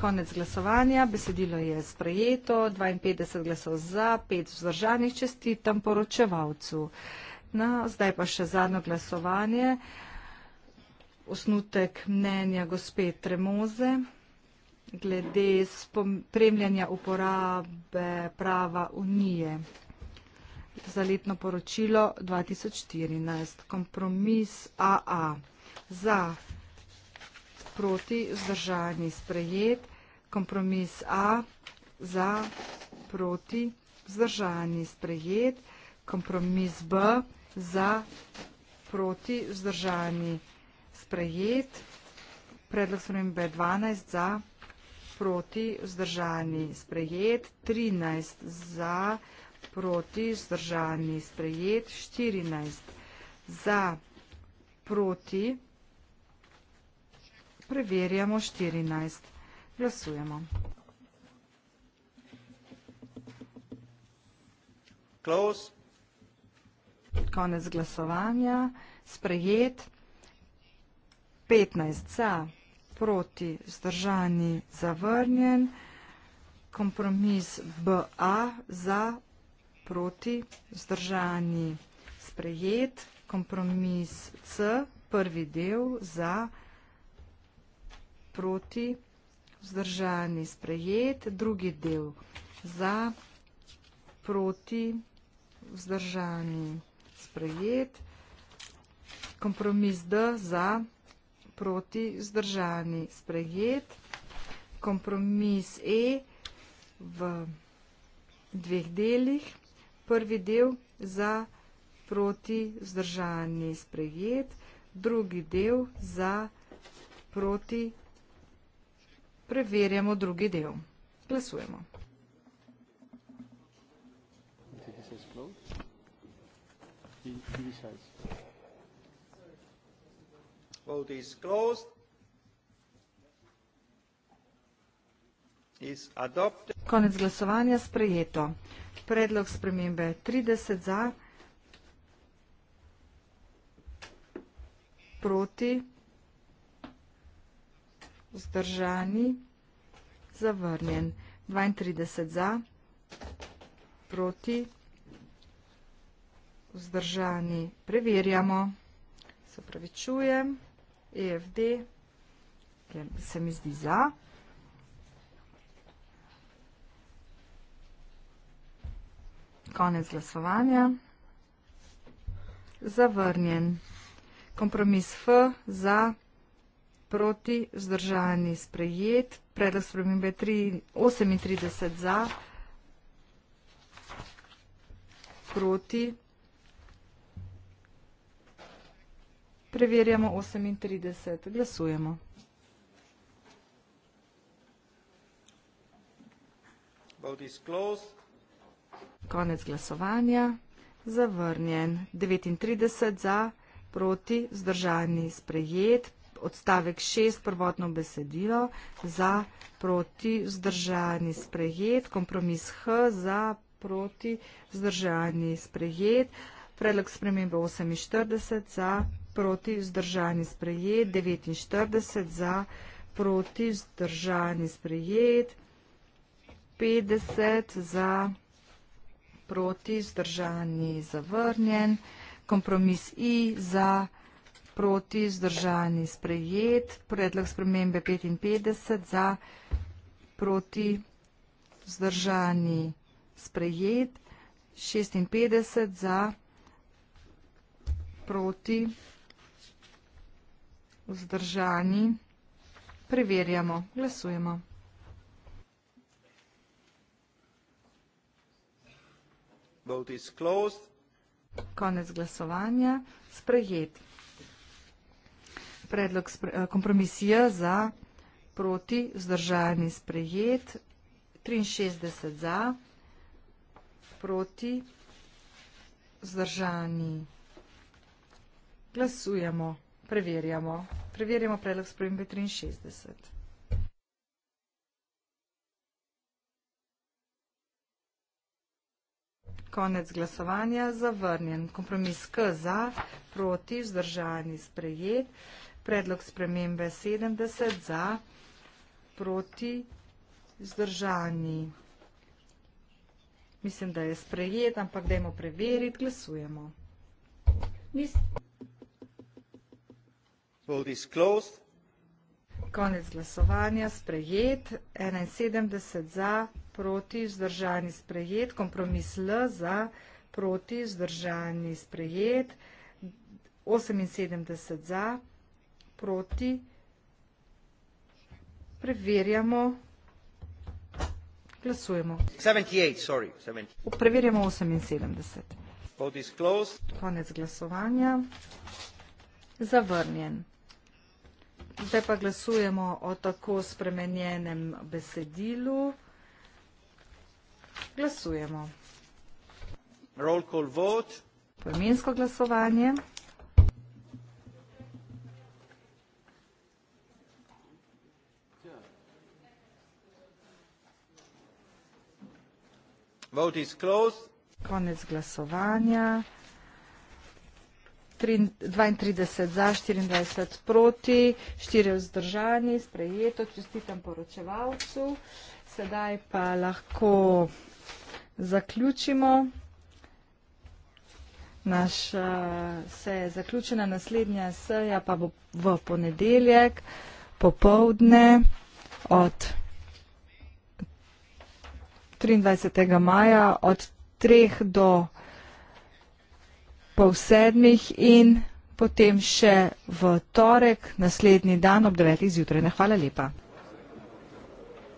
Konec glasovanja, besedilo je sprejeto, 52 glasov za, 5 vzdržanih čestitam poročevalcu. No, zdaj pa še zadnjo glasovanje, osnutek mnenja gospe Tremoze glede spremljanja uporabe prava unije za letno poročilo 2014. Kompromis AA za proti vzdržani sprejet. Kompromis A za proti vzdržani sprejet. Kompromis B za proti vzdržani sprejet. Predlog spremembe 12 za proti vzdržani sprejet proti, vzdržani, sprejet, 13 za, proti, vzdržani, sprejet, 14 za, proti, preverjamo 14, glasujemo. Close. Konec glasovanja, sprejet, 15 za, proti, proti zdržani zavrnjen, kompromis BA za proti zdržani sprejet, kompromis C prvi del za proti zdržani sprejet, drugi del za proti zdržani sprejet, kompromis D za proti zdržani sprejet proti zdržani sprejet. Kompromis E v dveh delih. Prvi del za proti zdržani sprejet, drugi del za proti preverjamo drugi del. Glasujemo. Thank you. Vote is closed. Is adopted. Konec glasovanja sprejeto. Predlog spremembe 30 za, proti, vzdržani, zavrnjen. 32 za, proti, vzdržani. Preverjamo. Se pravi, čujem. EFD, ker se mi zdi za. Konec glasovanja. Zavrnjen. Kompromis F za proti vzdržani sprejet. Predlog spremembe 38 za proti vzdržani sprejet. Preverjamo 38. Glasujemo. Konec glasovanja. Zavrnjen. 39 za, proti, zdržani sprejet. Odstavek 6, prvotno besedilo, za, proti, zdržani sprejet. Kompromis H, za, proti, zdržani sprejet. Predlog spremembe 48 za, proti proti vzdržani sprejet, 49 za proti vzdržani sprejet, 50 za proti vzdržani zavrnjen, kompromis I za proti vzdržani sprejet, predlog spremembe 55 za proti vzdržani sprejet, 56 za proti vzdržani sprejet vzdržani. Preverjamo. Glasujemo. Vote is closed. Konec glasovanja. Sprejet. Predlog eh, kompromisija za proti vzdržani sprejet. 63 za, proti vzdržani. Glasujemo. Glasujemo preverjamo. Preverjamo predlog spremembe 63. Konec glasovanja, zavrnjen. Kompromis K za, proti, vzdržani sprejet. Predlog spremembe 70 za, proti, vzdržani. Mislim, da je sprejet, ampak dajmo preveriti, glasujemo. Mislim. Konec glasovanja, sprejet, 71 za, proti, vzdržani, sprejet, kompromis L za, proti, vzdržani, sprejet, 78 za, proti, preverjamo, glasujemo. 78, sorry, 78. Preverjamo 78. Konec glasovanja, zavrnjen. Zdaj pa glasujemo o tako spremenjenem besedilu. Glasujemo. Roll call vote. Pojminsko glasovanje. Vote is closed. Konec glasovanja. 32 za, 24 proti, 4 vzdržani, sprejeto, čestitam poročevalcu. Sedaj pa lahko zaključimo. Naša se je zaključena naslednja seja, pa bo v ponedeljek, popovdne od 23. maja od 3 do 4 pol sedmih in potem še v torek, naslednji dan ob devetih zjutraj. Hvala lepa.